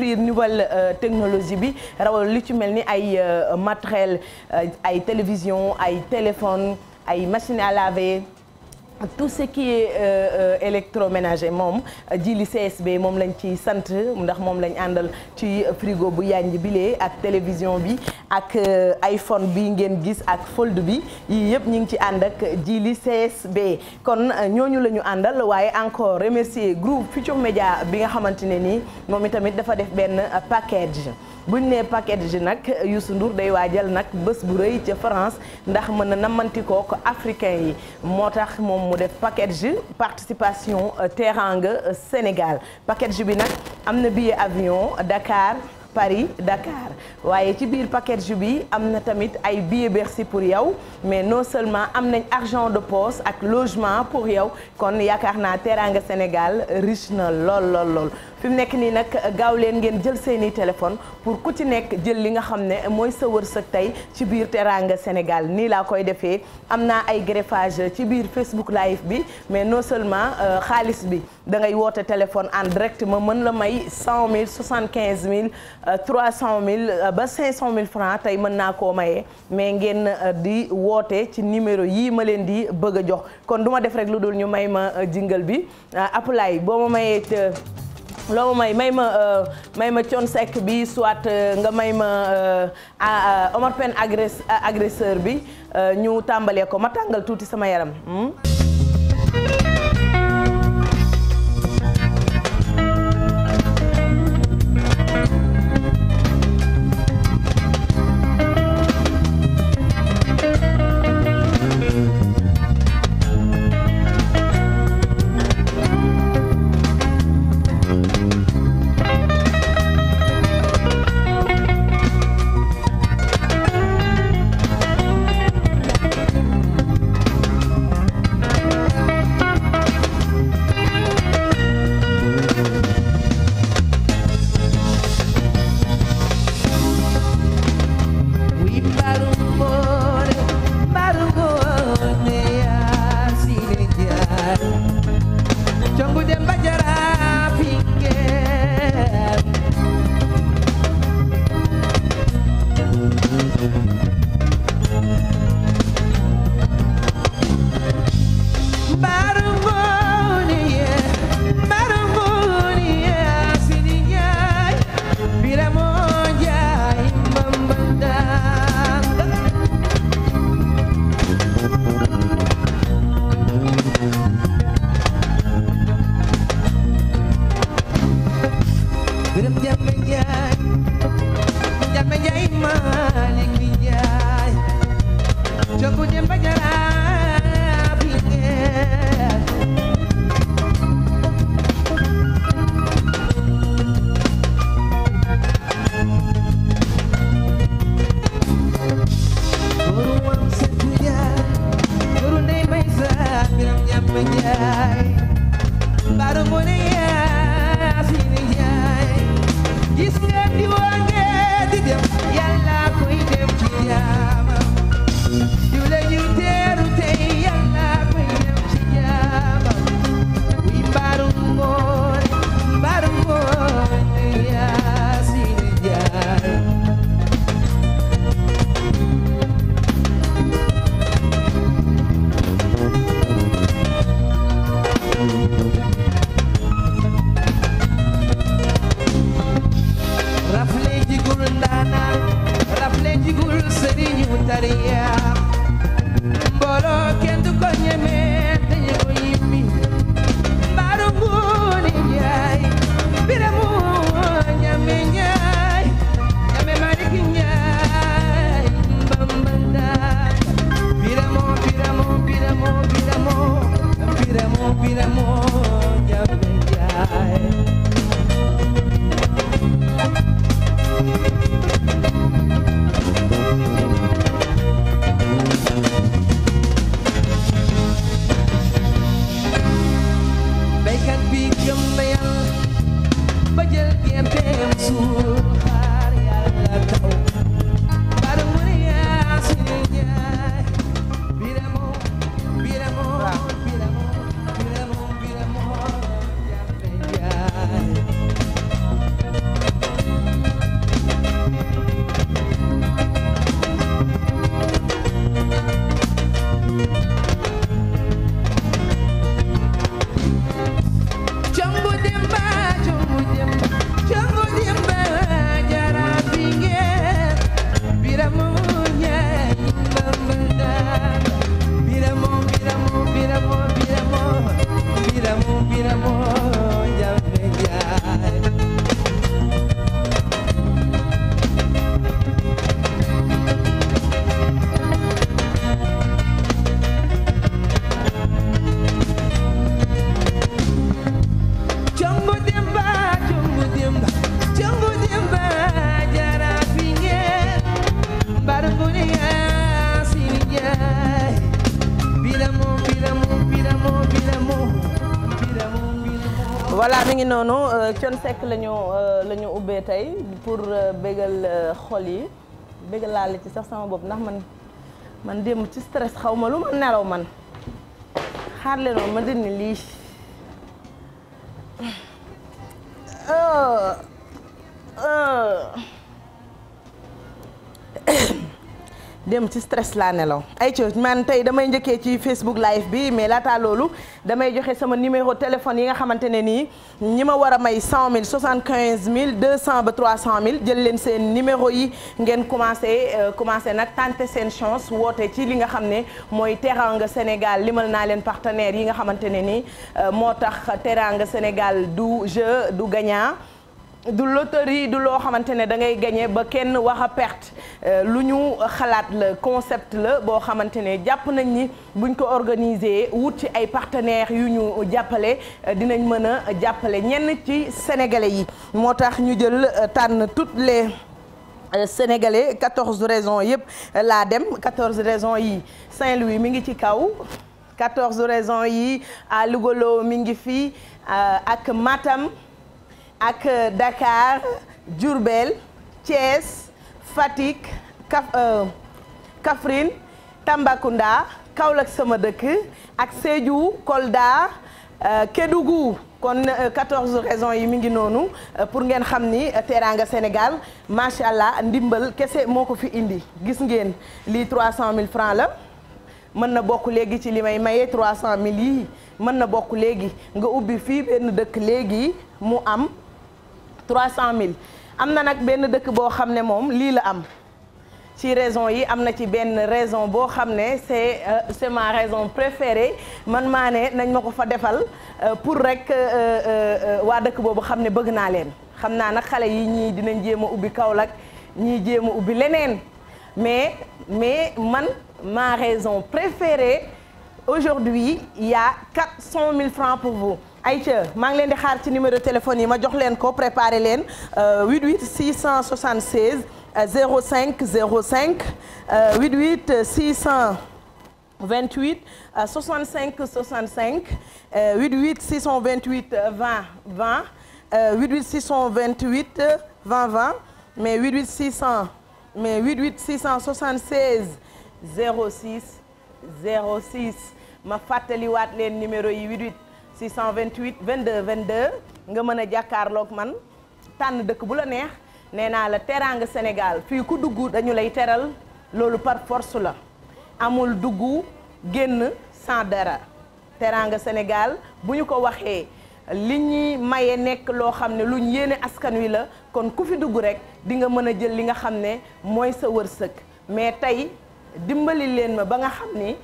découvrir nouvelle euh, technologie bi rawal lu ci mel ni ay euh, matériel euh, ay télévision ay téléphone ay machine à laver tout ce qui e euh, électroménager moom ji CSB moom lañ ci sant ndax moom lañ àndal ci frigo bu yànj bilee ak télévision bi ak euh, iPhone bi ngeen gis ak fold bi yii yëpp ñu ngi ci ànd ak ji li CSB kon euh, ñooñu la ñu àndal waaye encore remercier groupe Futur Média bi nga xamante ne nii moom itamit dafa def benn package buñ nee paquet ji nag Youssou Ndour day waa waajal nag bés bu rëy ca France ndax mën na namantikoo ko africain yi moo tax moom mu def paquet ji participation euh, Teranga euh, Sénégal paquet ji bi nag am na billet avion Dakar Paris Dakar waaye ci biir package bii am na tamit ay billets Bercy pour yow mais non seulement am nañ argent de poche ak logement pour yow kon yaakaar naa teraanga Sénégal riche na lool lool lool fi mu nekk nii nag gaaw leen ngeen jël seeni téléphone pour ku ci nekk jël li nga xam ne mooy sa tey ci biir teraanga Sénégal nii laa koy defee am naa ay greffage ci biir Facebook live bi mais no seulement euh, xaalis bi da ngay woote téléphone en direct ma mën la may 100000 75000 300000 ba 500000 francs tey mën naa koo maye mais ngeen euh, di woote ci numéro yii ma leen di bëgg a jox kon duma def rek lu dul ñu may ma dingal euh, bi euh, appelay boo ma mayee loo may may ma may ma con sec bi soit nga may ma Omar Pène agresse agresseur bi ñu tàmbalee ko ma tàngal tuuti sama yaram. Hmm? Thione Seck la ñu euh, la ñu ubbee tey pour euh, bégal euh, xol yi bégal laale ci sax sama bopp ndax man man démb ci stress xaw ma lu ma nelaw man xaar leen woon ma dindi lii démb ci stress laa nelaw ay man tey damay njëkkee ci Facebook live bi mais laataa loolu damay joxe sama numéro téléphone yi nga xamante ne nii ñi ma war a may 100000 75000 200 ba 300000 jël leen seen numéro yi ngeen commencé euh, commencé nag tenter seen chance woote ci li nga xam ne mooy Teranga Sénégal limal naa leen partenaires yi nga xamante ne nii euh, moo tax Teranga Sénégal du jeu du gagnant. du loterie du loo xamante ne da ngay gagné ba kenn wax a perte euh, lu ñu xalaat la concept la boo xamante ne jàpp nañ ni buñ ko organiser wuti ay partenaires yu ñu jàppale euh, dinañ mën a jàppale ñenn ci sénégalais yi moo tax ñu jël euh, tànn toutes les sénégalais 14 raisons yëpp laa dem 14 raisons yi Saint-Louis mi ngi ci kaw 14 raisons yi à Louga mi ngi fi ak Matam. ak Dakar jurbel Thiès Fatick Kaf euh, Kaffrine Tambacounda Kaolack sama dëkk ak Sédhiou Kolda euh, Kédougou kon 14 euh, raisons yi mi ngi noonu pour ngeen xam ni Teranga Sénégal macha allah ndimbal kese moo ko fi indi gis ngeen lii 300 000 francs la mën na bokk léegi ci li may maye 300 000 yi mën na bokk léegi nga ubbi fii benn dëkk léegi mu am. 300000 am na nag benn dëkk boo xam ne moom lii la am ci raison yi am na ci benn raison boo xam ne c'est euh, c'est ma raison préférée man maa ne nañ ma ko fa defal euh, pour rek euh, waa dëkk boobu xam ne bëgg naa leen xam naa nag xale yi ñii dinañ jéem a ubbi Kaolack ñii jéem a ubbi leneen mais mais man ma raison préférée aujourd'hui ya y a 400 000 francs pour vous Aïcha maa ngi leen di xaar ci numéro téléphone yi ma jox leen ko préparé leen 88 676 05 05 88 628 65 65 88 628 20 20 88 628 20 20 mais 88 600 mais 88 676 06 06 ma fàttaliwaat leen numéro yi 628 22 22 nga mën a jàkkaarloog man tànn dëkk bu la neex nee naa la teraanga Sénégal fii ku dugg dañu lay teral loolu par force la amul dugg génn sant dara teraanga Sénégal bu ñu ko waxee li ñuy maye nekk loo xam ne luñ yéene askan wi la kon ku fi dugg rek di nga mën a jël li nga xam ne mooy sa wërsëg mais tey dimbali leen ma ba nga xam ni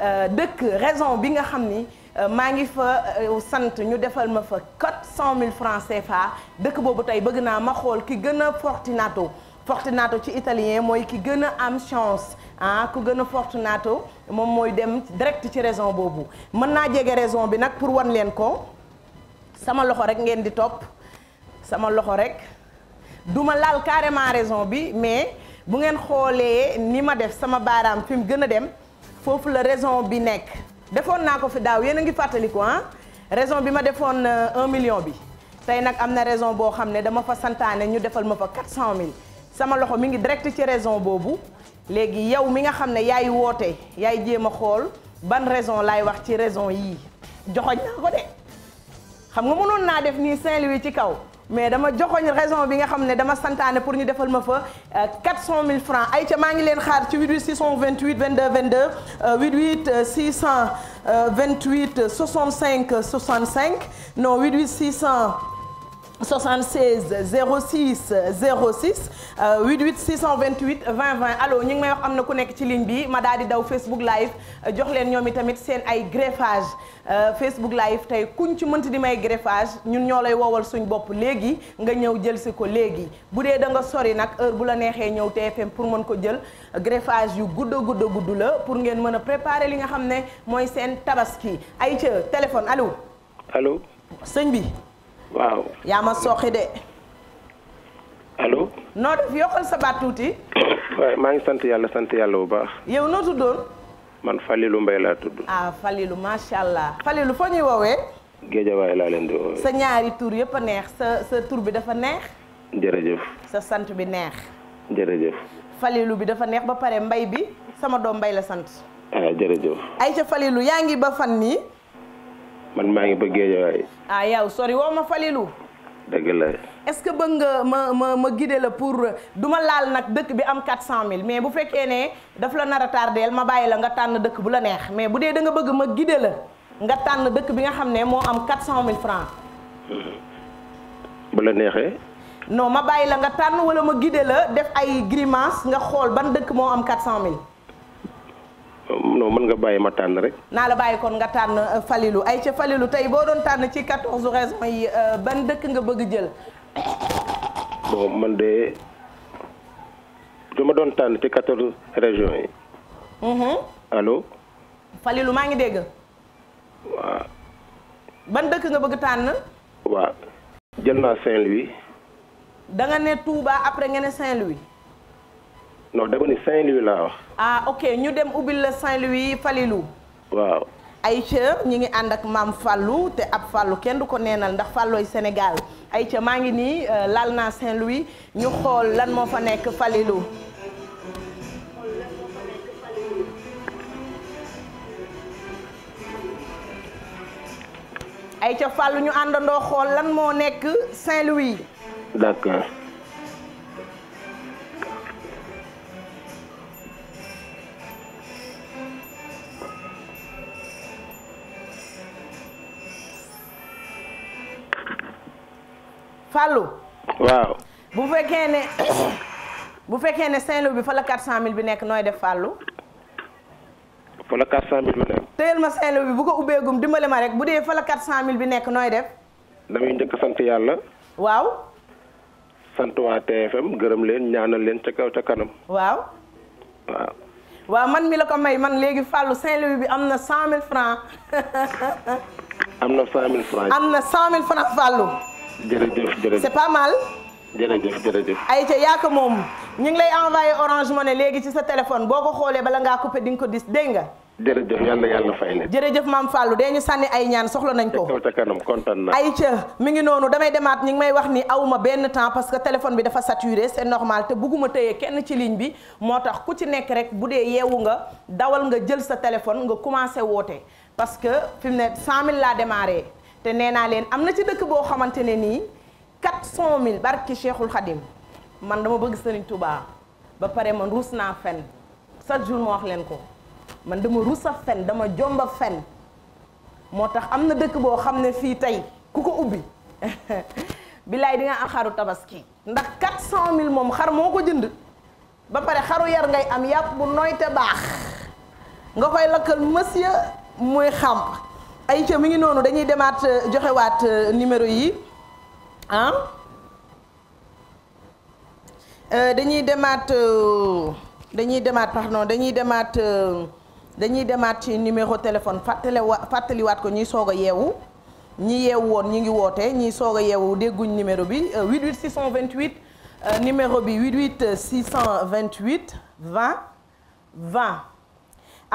euh, dëkk raison bi nga xam ni Euh, maa ngi fa euh, sant ñu defal ma fa 400 000 francs CFA dëkk boobu tey bëgg naa ma xool ki gën a fortunato fortunato ci italien mooy ki gën a am chance ah ku gën a fortunato moom mooy dem direct ci raison boobu mën naa jege raison bi nag pour wan leen ko sama loxo rek ngeen di topp sama loxo rek duma laal carrément raison bi mais bu ngeen xoolee ni ma def sama baaraam fi mu gën a dem foofu la raison bi nekk defoon naa ko fi daaw yéen a ngi fàttaliku ah raison bi ma defoon 1 euh, million bi tey nag am na raison boo xam ne dama fa santaane ñu defal ma fa mille sama loxo mi ngi direct ci raison boobu léegi yow mi nga xam ne yaay woote yaay jéem a xool ban raison laay wax ci raison yii joxoñ naa ko de xam nga mënoon naa def nii Saint-Louis ci kaw. mais dama joxoñ raison bi nga xam ne dama santaane pour ñu defal ma fa 400000 euh, francs ay ca maa ngi leen xaar ci 88 628 22 22 88 628 65 cinq non 88 600 76 06 06 88 628 20 20 allo ñu ngi may wax am na ku nekk ci ligne bi ma daal di daw Facebook live jox leen ñoom itamit seen ay greffage euh, Facebook live tey kuñ ci mënti di may greffage ñun ñoo lay wowal suñ bopp léegi nga ñëw jël si ko léegi bu dee da nga sori nag heure bu la neexee ñëw TFM pour mën ko jël greffage yu gudd a gudd a la pour ngeen mën a préparer li nga xam ne mooy seen tabaski ay ca téléphone allo. allo sëñ bi. waaw. yaa ma soxi de. allo. noo def yokkal sa tuuti. waaye maa ngi sant yàlla sant yàlla bu baax. yow noo tuddoon. man falilu mbay laa tudd. ah Falilou macha allah. Falilou foo ñuy woowee. Géejawaay laa leen di woowee. sa ñaari tur yëpp a neex sa sa tur bi dafa neex. jërëjëf. sa sant bi neex. jërëjëf. Falilou bi dafa neex ba pare mbay bi sama doom mbay la sant. ah jërëjëf. Aïcha Falilou yaa ngi ba fan nii. man maa ngi ba Géejawaay. ah yow sori woo ma Falilou. dëgg la est-ce que bëgg nga ma ma ma guider la pour duma laal nag dëkk bi am 400000 mais bu fekkee ne daf la nar a tardeel ma bàyyi la nga tànn dëkk bu la neex mais bu dee da nga bëgg ma guider la nga tànn dëkk bi nga xam ne moo am 400000 francs bu la neexee. non ma bàyyi la nga tànn wala ma guider la def ay grimace nga xool ban dëkk moo am 400000. Euh, non mën nga bàyyi ma tànn rek. naa la bàyyi kon nga tànn euh, Falilou ay ca Falilou tey boo doon tànn ci 14 raisons yi euh, ban dëkk nga bëgg jël. bon man de du ma doon tànn ci 14 régions yi. Mm-hmm. allo. Falilou maa ngi dégg. waaw. ban dëkk nga bëgg tànn. waaw jël naa Saint-Louis. da nga ne Touba après nga ne Saint-Louis. non dama ni Saint-Louis laa ah ok ñu dem ubbil la Saint-Louis Falilou. waaw. Aïcha ñi ngi ànd ak maam Fallou te ab Fallou kenn du ko neenal ndax Fallooy Sénégal Aïcha maa ngi nii euh, laal naa Saint-Louis ñu xool lan moo fa nekk Falilou. Aïcha Fallou ñu àndandoo xool lan moo nekk Saint-Louis. d'accord. Fallou. waaw. bu fekkee ne bu fekkee ne Saint-Louis bi fa la 400000 bi nekk nooy def Fallou. fa la 400000 bi nekk. ma saint bi bu ko ubbeegum dimbale ma bu dee fa la 400000 bi nekk nooy def. damay njëkk sant yàlla. waaw. sant waa TFM gërëm leen ñaanal leen ca kaw ca kanam. waaw. waaw. waaw man mi la ko may man léegi Fallou Saint-Louis bi am na 100000 francs. am na 100000 francs. am na 100000 francs Fallou. jërëjëf jërëjëf c'est pas mal. jërëjëf jërëjëf. ayca yaa ko moom ñu ngi lay envoyé orange ne léegi ci sa téléphone boo ko xoolee bala ngaa coupé di nga ko dis dégg nga. jërëjëf jërëjëf maam Fallou dee ñu sànni ay ñaan soxla nañ ko. ca kanam mi ngi noonu damay demaat ñu ngi may wax ni awma benn temps parce que téléphone bi dafa saturé c'est normal te bugguma tëye kenn ci ligne bi moo tax ku ci nekk rek bu dee yeewu nga dawal nga jël sa téléphone nga commencé woote parce que fi mu ne 100000 laa démarré. te nee naa leen am na ci dëkk boo xamante ne nii 400000 barki Cheikhul Khadim man dama bëgg Serigne Touba ba pare man ruus naa fen chaque jour ma wax leen ko man dama ruus a fen dama jomba fen moo tax am na dëkk boo xam ne fii tey ku ko ubbi bilaay di nga am xaru tabaski ndax 400000 moom xar moo ko jënd ba pare xaru yar ngay am yàpp bu nooy baax nga koy lakkal monsieur muy xàmp ay ca mi ngi noonu dañuy demaat euh, joxewaat euh, numéro yi ah dañuy demaat dañuy demaat pardon dañuy demaat dañuy demaat ci numéro téléphone fàttale wa fàttaliwaat ko ñuy soog a yeewu ñu yeewu woon ñu ngi woote ñi soog a yeewu dégguñ numéro bi 88 628 numéro bi 88 628 20 20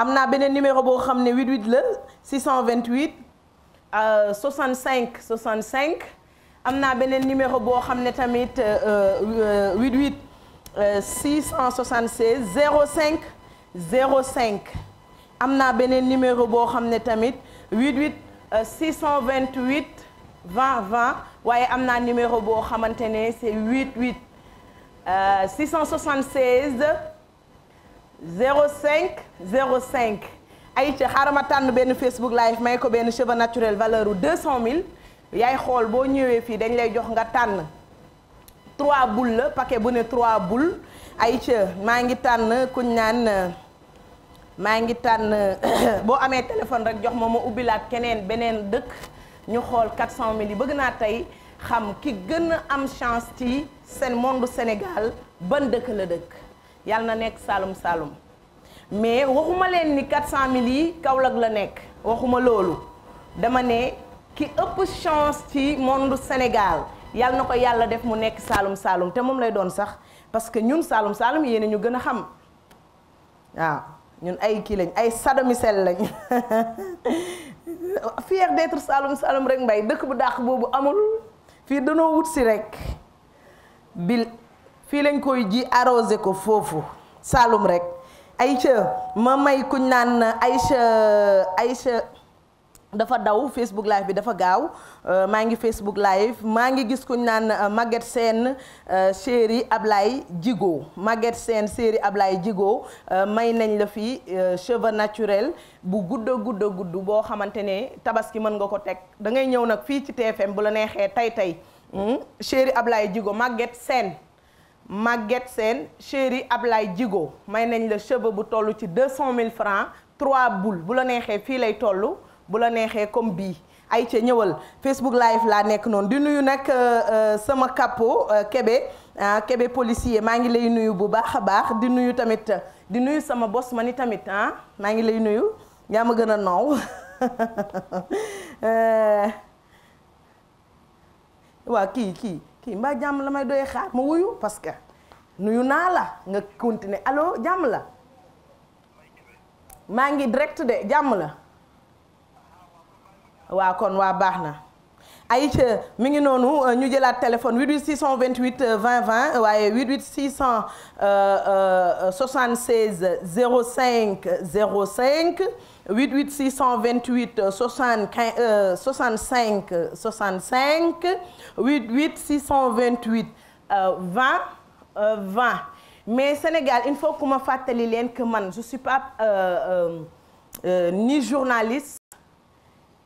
am naa beneen numéro boo xam ne 88 la 628 euh, 65 65 am naa beneen numéro boo xam ne tamit 88 676 05 05 am naa beneen numéro boo xam ne tamit 88 628 20 20 waaye am naa numéro boo xamante ne c'est 88 676. 05 05 ayca xaaral ma tànn benn Facebook live may ko benn cheveux naturel valeur u 200000 yaay xool boo ñëwee fii dañ lay jox nga tànn 3 boules la paquet bu ne 3 boules ayca maa ngi tànn kuñ naan maa ngi tànn boo amee téléphone rek jox ma ma ubbilaat keneen beneen dëkk ñu xool 400000 yi bëgg naa tey xam ki gën a am chance ci seen monde Sénégal ban dëkk la dëkk. yàlla na nekk Saalum Saalum mais waxuma leen ni 400000 yi Kaolack la nekk waxuma loolu dama ne ki ëpp chance ci monde Sénégal yàlla na ko yàlla def mu nekk Saalum Saalum te moom lay doon sax parce que ñun Saalum Saalum yéen ñu gën a xam waaw ñun ay kii lañ ay sadomisel lañ fier d'être Saalum Saalum rek mbay dëkk bu dàq boobu amul fii danoo wut si rek fii lañ koy ji arrosé ko foofu Saloum rek Aïcha ma may kuñ naan Aïcha Aïcha dafa daw Facebook live bi dafa gaaw euh, maa ngi Facebook live maa ngi gis kuñ naan euh, Maguette Sène euh, chéri Ablaye Djigo Maguette Sène chéri Ablaye jigo may nañ la fii cheveux naturel bu gudda gudda gudd boo xamante ne tabaski mën nga ko teg dangay ñëw nag fii ci TFM bu la neexee tey tey hmm? chéri Ablaye Djigo Maguette Sène Maguette Sène chéri Ablaye jigo may nañ la cheveux bu toll ci deux cent mille francs trois boules bu la neexee fii lay toll bu la neexee comme bii ay ca ñëwal Facebook live laa nekk noonu di nuyu nag euh, euh, sama capot euh, Kébé ah, kebe policier maa ngi lay nuyu bu baax a baax di nuyu tamit di nuyu sama bos ma ni tamit ah maa ngi lay nuyu yaa ma gën a noow waa kii kii kii mbaa jàmm la may doy xaar ma wuyu parce que nuyu naa la nga continuer allo jàmm la maa ngi direct de jàmm la waa kon waa baax na Aïcha mi ngi noonu euh, ñu jëlaat téléphone 88 628 20 20 waaye 88 676 05 05 88 628 75 65 65 88 628 20 20 mais Sénégal il faut que ma fàttali leen que man je suis pas euh, euh, ni journaliste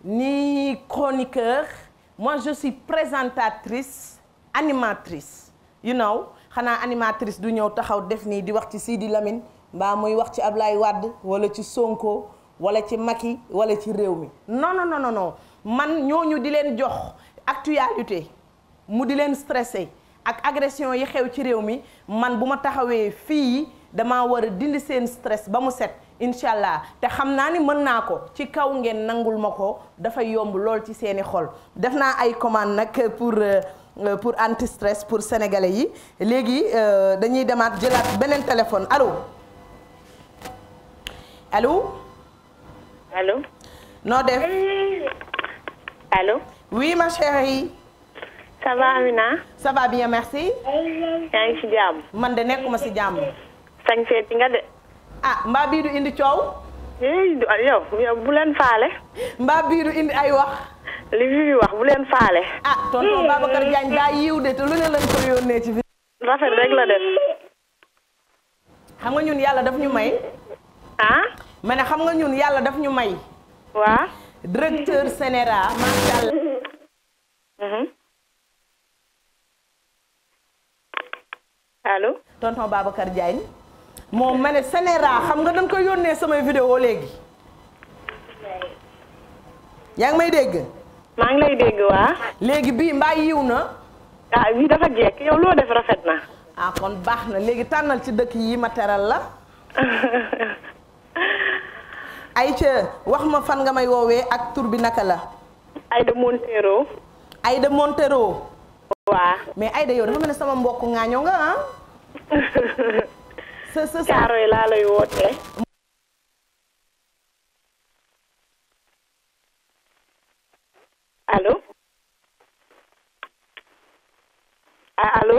ni chroniqueur. moi présentatrice animatrice yu know xanaa animatrice du ñëw taxaw def nii di wax ci di Lamine mbaa muy wax ci Ablaye Wade wala ci Sonko wala ci Macky wala ci réew mi non non non non man ñooñu di leen jox actualité mu di leen stressé ak agression yi xew ci réew mi man bu ma taxawee fii yi damaa war a dindi seen stress ba mu set incha allah te xam naa ni mën naa ko ci kaw ngeen nangul ma ko dafa yomb lool ci seeni xol def naa ay commande nag pour euh, euh, pour anti stress pour sénégalais yi léegi euh, dañuy demaat jëlaat beneen téléphone alo alo allo. noo def. allo. oui ma chérie. ça va Amina. ça bien merci. yaa ngi ci jàmm. man de nekkuma ci jàmm. sañ seeti nga de. ah mbaa bii du indi coow. Ah, yow yow bu leen faale. mbaa bii du indi ay wax. li fi wax bu leen faale. ah tonton hmm. Babacar Diagne daa yiw de te lu ne lañ ko yónnee ci. rafet rek la def. xam nga ñun yàlla daf ñu may. ah. ma ne xam nga ñun yàlla daf ñu may. waa. directeur général macha mm-hmm. allah. allo. tonton Babacar Diagne. moom ma ne Sénéra xam nga dañ koy yónnee samay vidéo léegi. yaa ngi may dégg. maa ngi lay dégg waa. léegi bii mbaa yiw na. ah bii dafa jekk yow loo def rafet na. ah kon baax na léegi tànnal ci dëkk yi ma teral la. Aïcha wax ma fan nga may woowee ak tur bi naka la. Aïda Montero. Aïda Montero. waa mais Aïda yow dafa mel ne sama mbokk ngaañoo nga ah? Caaroy e laa lay wootee. allo allo.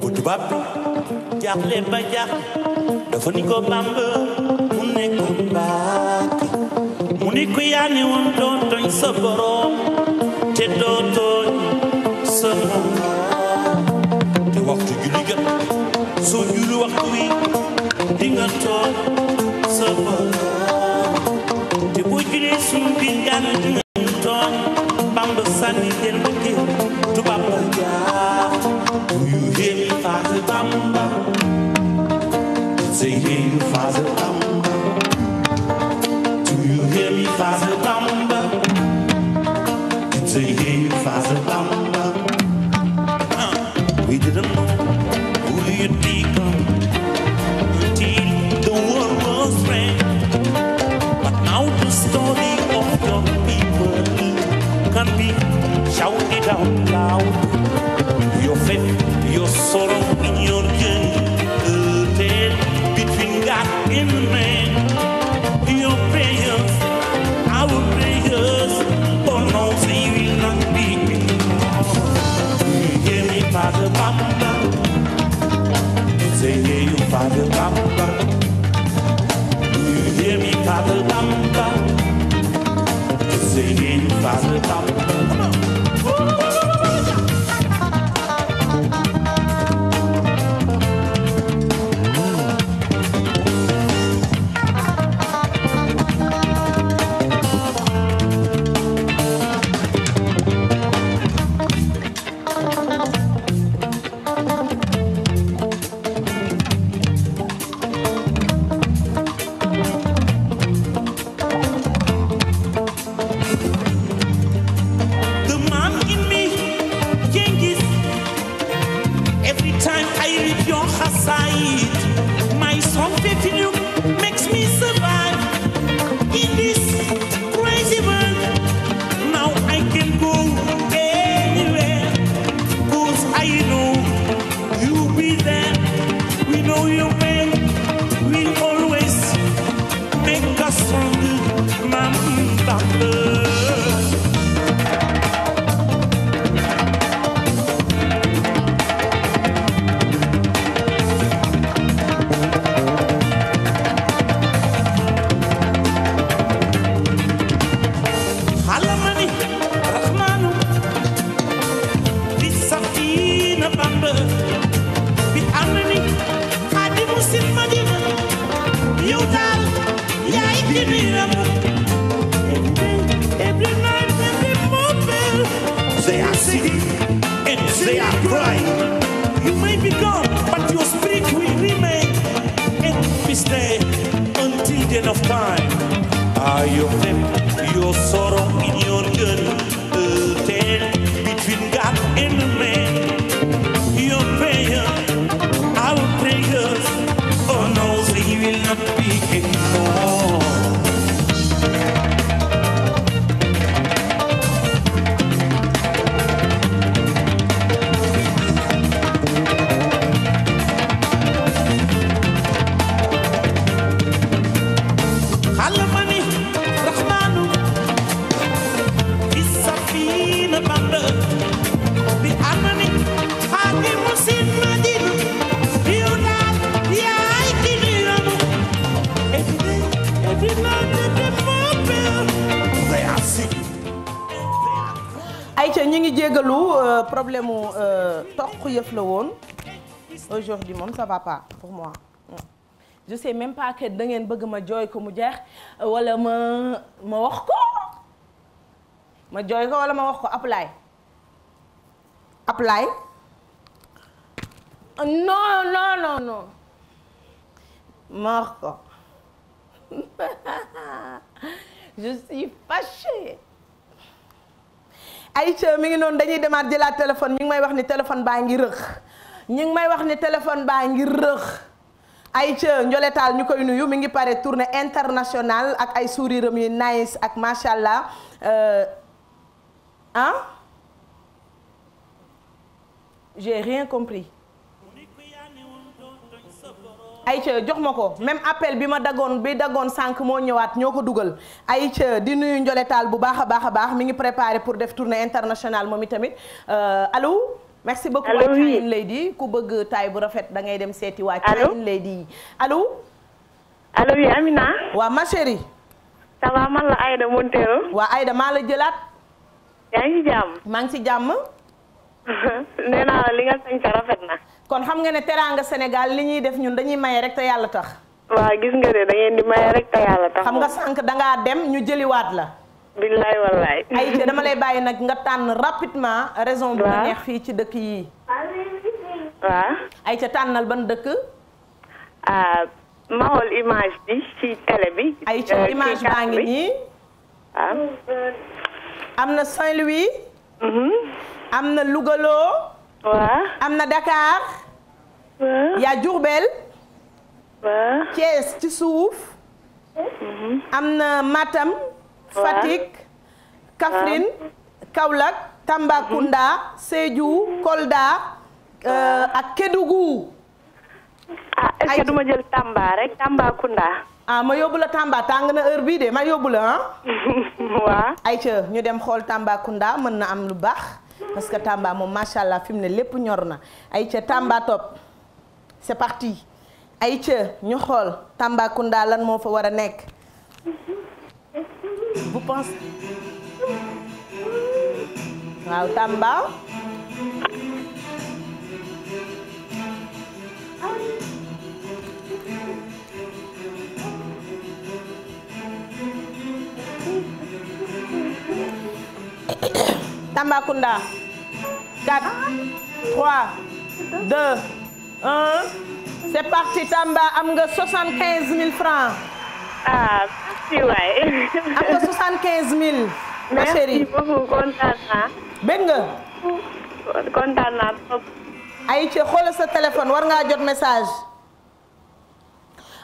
bu tubaab bi jaaxle ba jaax dafa ni ko bamb. ni ku yaani woon doon sa borom te doo sa borom te waxtu julli jot soo waxtu wi di nga tooñ sa borom te boo jullee suñu biir jégalu euh, problème mu euh, toq yëf la woon aujourd'hui moom ça va pas pour moi mm. je sais même pas bëgg ma jooy ko mu jeex wala ma ma wax ko ma jooy ko wala ma wax ko apply apply euh, non non non ma wax ko je suis fâchée ay Aïcha mi ngi noonu dañuy demaat jëlaat téléphone mi ngi may wax ni téléphone baa ngi rëx ñi ngi may wax ni téléphone baa ngi ay Aïcha njoletaal ñu koy nuyu mi ngi pare tournée internationale ak ay sourire am nice ak macha allah euh, ah rien compris ay Aïcha jox ma ko même appel bi ma dagoon bi dagoon sànq moo ñëwaat ñoo ko dugal Aïcha dina nuyu njoletaal bu baax a baax a baax mi ngi préparé pour def tournée internationale moom itamit euh, alo merci beaucoup allo oui Lady ku bëgg taay bu rafet dangay dem seeti waa. allo Lady allo. allo oui Amina. waa ma chérie. ça va man la Aïda Montero. waa Aïda maa la jëlaat. yaa ngi jàmm. maa ngi ci jàmm. nee li nga sañ sa rafet na. kon xam nga ne teraanga Sénégal li ñuy def ñun dañuy maye rek te yàlla tax. waaw gis nga ne da ngeen di maye rek te yàlla tax. xam nga sànq da dem ñu jëliwaat la. billaay wallaay. ay dama lay bàyyi nag nga tànn rapidement. raison bu la neex fii ci dëkk yii. waaw. ay tànnal ban dëkk. ah ma xool image bi ci télé bi. ay euh, image baa ngi nii. Ah. am na Saint-Louis. Mhm. am na Louga waaw am na Dakar. waaw yaa Diourbel. waaw ci suuf. Mm-hmm. am na Matam. Fatick. Kaffrine Kaolack Tambacounda mm-hmm. Sédhiou Kolda euh, ak Kédougou. ah est ce ma jël Tamba rek Tambacounda. Ah, ma yóbbu la Tamba tàng na heure bii de ma yóbbu la ah. waaw. ayca ñu dem xool Tambacounda mën na am lu baax. parce que Tamba moom macha allah fi ne lépp ñor na ay ca topp c'est parti ay ca ñu xool Tambacounda lan moo fa war a nekk vous pensez waaw Tamba Tambacounda 4 3 2 1 c'est parti Tamba am nga 75000 francs. ah merci waay. am nga 75000. ma chérie merci beaucoup kontaan naa. bëgg nga. kontaan naa trop. ay ci xoolal sa téléphone war ngaa jot message.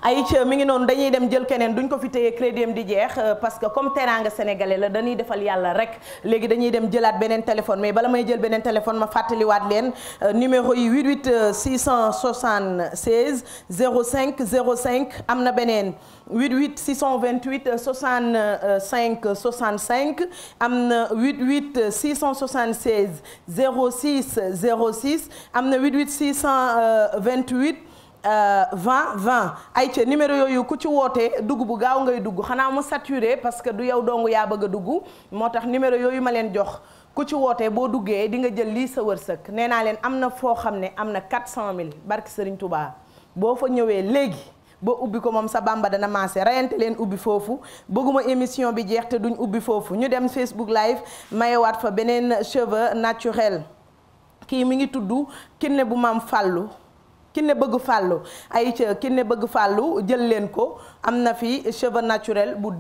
ay ca mi ngi noonu dañuy dem jël keneen duñ ko fi téye crédit di jeex euh, parce que comme teranga sénégalais la dañuy defal yàlla rek léegi dañuy dem jëlaat beneen téléphone mais bala may jël beneen téléphone ma fàttaliwaat leen euh, numéro yi 88 676 05 05 am na beneen 88 628 65 65 am na 88 676 06 06 am na 88 628 20 20 ay ca numéro yooyu ku ci wootee dugg bu gaaw ngay dugg xanaa mu saturé parce que du yow dong yaa bëgg a dugg moo tax numéro yooyu ma leen jox ku ci wootee boo duggee di nga jël lii sa wërsëg nee naa leen am na foo xam ne am na 400000 barki Serigne Touba boo fa ñëwee léegi ba ubbi ko moom sa bamba dana maase reyante leen ubbi foofu bëgguma émission bi jeex te duñ ubbi foofu ñu dem Facebook live mayewaat fa beneen cheveux naturel kii mi ngi tudd kinne bu maam fàllu ki ne bëgg fàllu ay ca bëgg fàllu jël leen ko am na fi cheveux naturel bu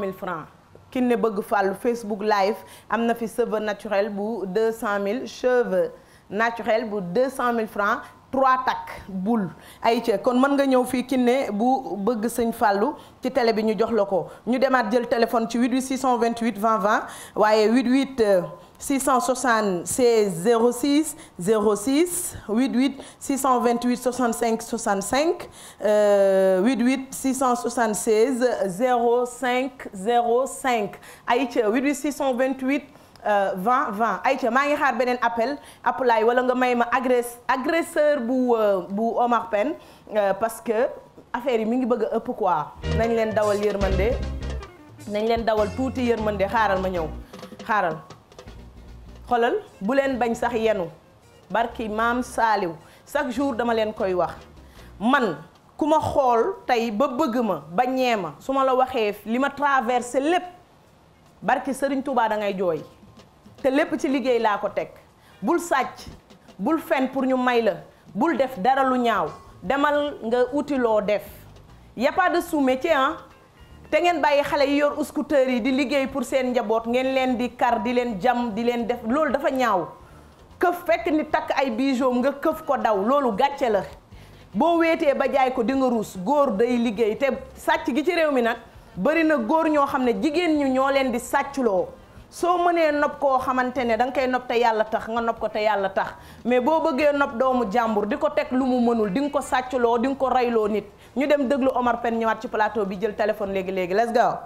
mille francs ki ne bëgg fàllu Facebook live am na fi cheveux naturel bu 200000 cheveux naturel bu 200000 francs trois takk bul ayca kon mën nga ñëw fii kinne bu bëgg sëñ fàllu ci tele bi ñu jox la ko ñu demaat jël téléphone ci 88 628 20 20 waaye 88 676 06 06 88 628 65 65 euh, 88 676 05 05 ayca 88 628 euh, 20 20 ayca maa ngi xaar beneen appel appelaay wala nga may ma agresse agresseur bu euh, bu Omar Pène euh, parce que affaire yi mi ngi bëgg a ëpp quoi nañ leen dawal yërmande nañ leen dawal tuuti yërmande xaaral ma ñëw xaaral. xolal buleen bañ sax yenu barki maam saaliw chaque jour dama leen koy wax man ku ma xool tey ba bëgg ma ba ma su ma la waxee li ma traversé lépp barki sëriñ Touba da ngay jooy te lépp ci liggéey laa ko teg bul sàcc bul fen pour ñu may la bul def dara lu ñaaw demal nga uti loo def y a pas de te ngeen bàyyi xale yi yor scooter yi di liggéey pour seen njaboot ngeen leen di kar di leen jam di leen def loolu dafa ñaaw këf fekk ni takk ay bijoux nga këf ko daw loolu gàcce la boo weetee ba jaay ko di nga ruus góor day liggéey te sàcc gi ci réew mi nag bari na góor ñoo xam ne jigéen ñi ñoo leen di sàcculoo soo mënee nopp koo xamante ne danga koy nopp te yàlla tax nga nopp ko te yàlla tax mais boo bëggee nopp doomu jàmbur di ko teg lu mu mënul di nga ko sàccloo di nga ko reyloo nit ñu dem déglu Omar Pène ñëwaat ci plateau bi jël téléphone léegi léegi let's go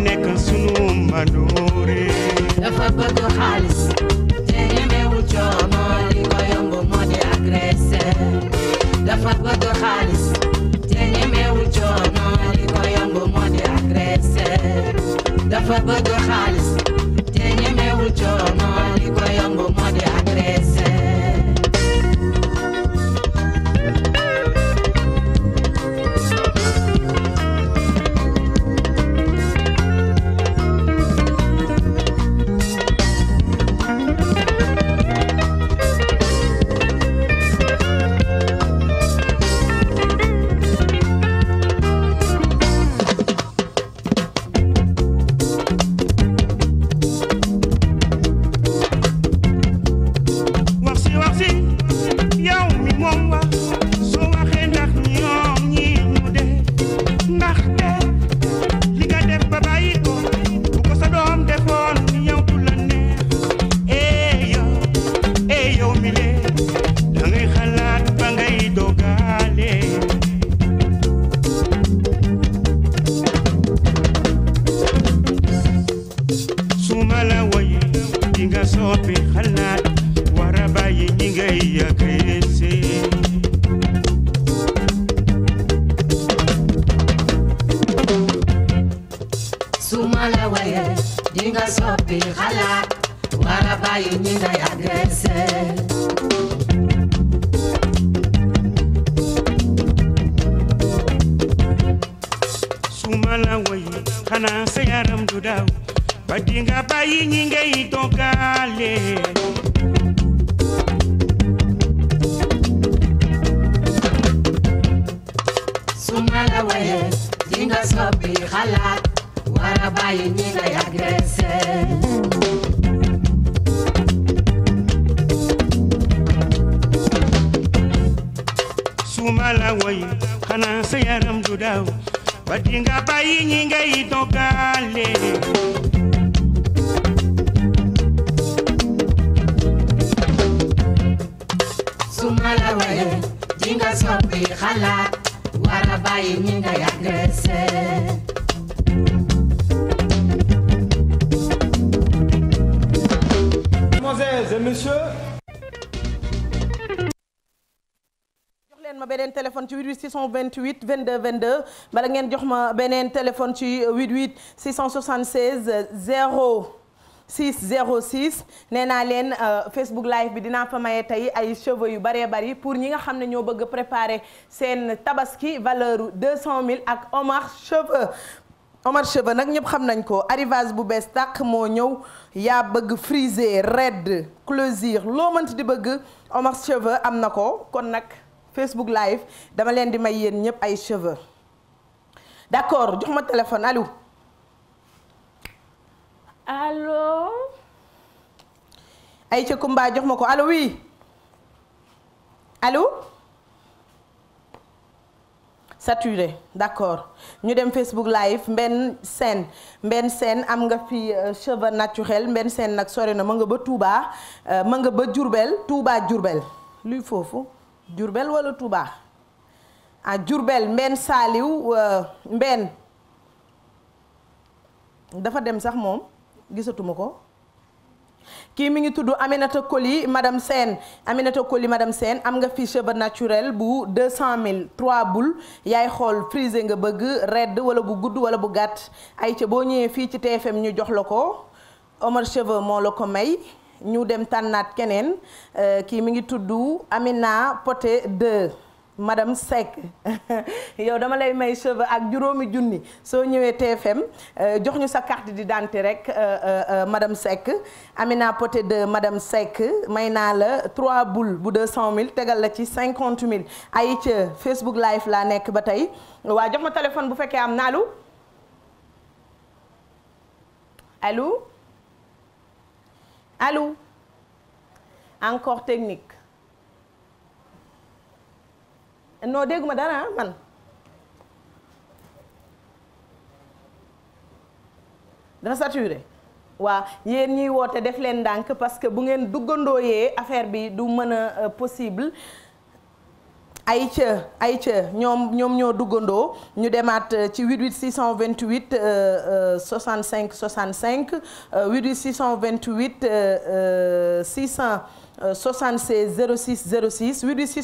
nekk dafa bëgg xaalis te ñemewul coono li ko yomb dafa bëgg xaalis suma la woy xanaa sa ba di nga bàyyi ñi ngay dogale suma la woy di nga soppi xalaat war a bàyyi ñi ngay agressé Mesdames et messieurs beneen téléphone ci 88 628 22 22 bala ngeen jox ma beneen téléphone ci 88 676 0 606 nee naa leen euh, Facebook live bi dinaa fa maye tey ay cheveux yu bëree bëri pour ñi nga xam ne ñoo bëgg préparer seen tabaski valeur 200000 ak Omar cheveux Omar cheveux nag ñëpp xam nañ ko arrivage bu bees tàkk moo ñëw yaa bëgg frisé red closure loo mënti di bëgg Omar cheveux am na ko kon nag. Facebook live dama leen di may yéen ñëpp ay cheveux d'accord jox ma téléphone allo allo. Aïcha Kumba jox ma ko allo oui allo saturé d'accord ñu dem Facebook live mbenn Sène mbenn seen am nga fi euh, cheveux naturel mbenn seen nag sore na ma nga ba Touba euh, mën nga ba Diourbel Touba Diourbel luy foofu. Diourbel walla Touba ah Diourbel Mbène Saliou euh, Mbène dafa dem sax moom gisatuma ko kii mu ngi tudd Aminata Koli madame Sène Aminata Koli madame seen am nga fi cheveux naturel bu mille 3 boules yaay xool frisé nga bëgg redd wala bu gudd wala bu gàtt ay ca boo ñëwee fii ci TFM ñu jox la ko Omar Cheveux moo la ko may ñu dem tànnaat keneen euh, kii mi ngi tudd Amina Poté 2 madame Seck yow dama lay may cheveux ak juróomi junni soo ñëwee TFM euh, jox ñu sa carte d'identité rek euh, madame Seck Amina Poté 2 madame Seck may naa la 3 boules bu cent mille tegal la ci 50 mille ay ca Facebook live laa nekk ba tey waa jox ma téléphone bu fekkee am na allo allo. allô encore technique non dégguma dara ah, man dafa waa waaw yéen ñiy woote def leen ndànk parce que bu ngeen duggandooyee affaire bi du mën a euh, possible ayca ayca ñoom ñoom ñoo duggandoo ñu demaat euh, ci 88 628 65 65 88 628 600. 76 06 06 88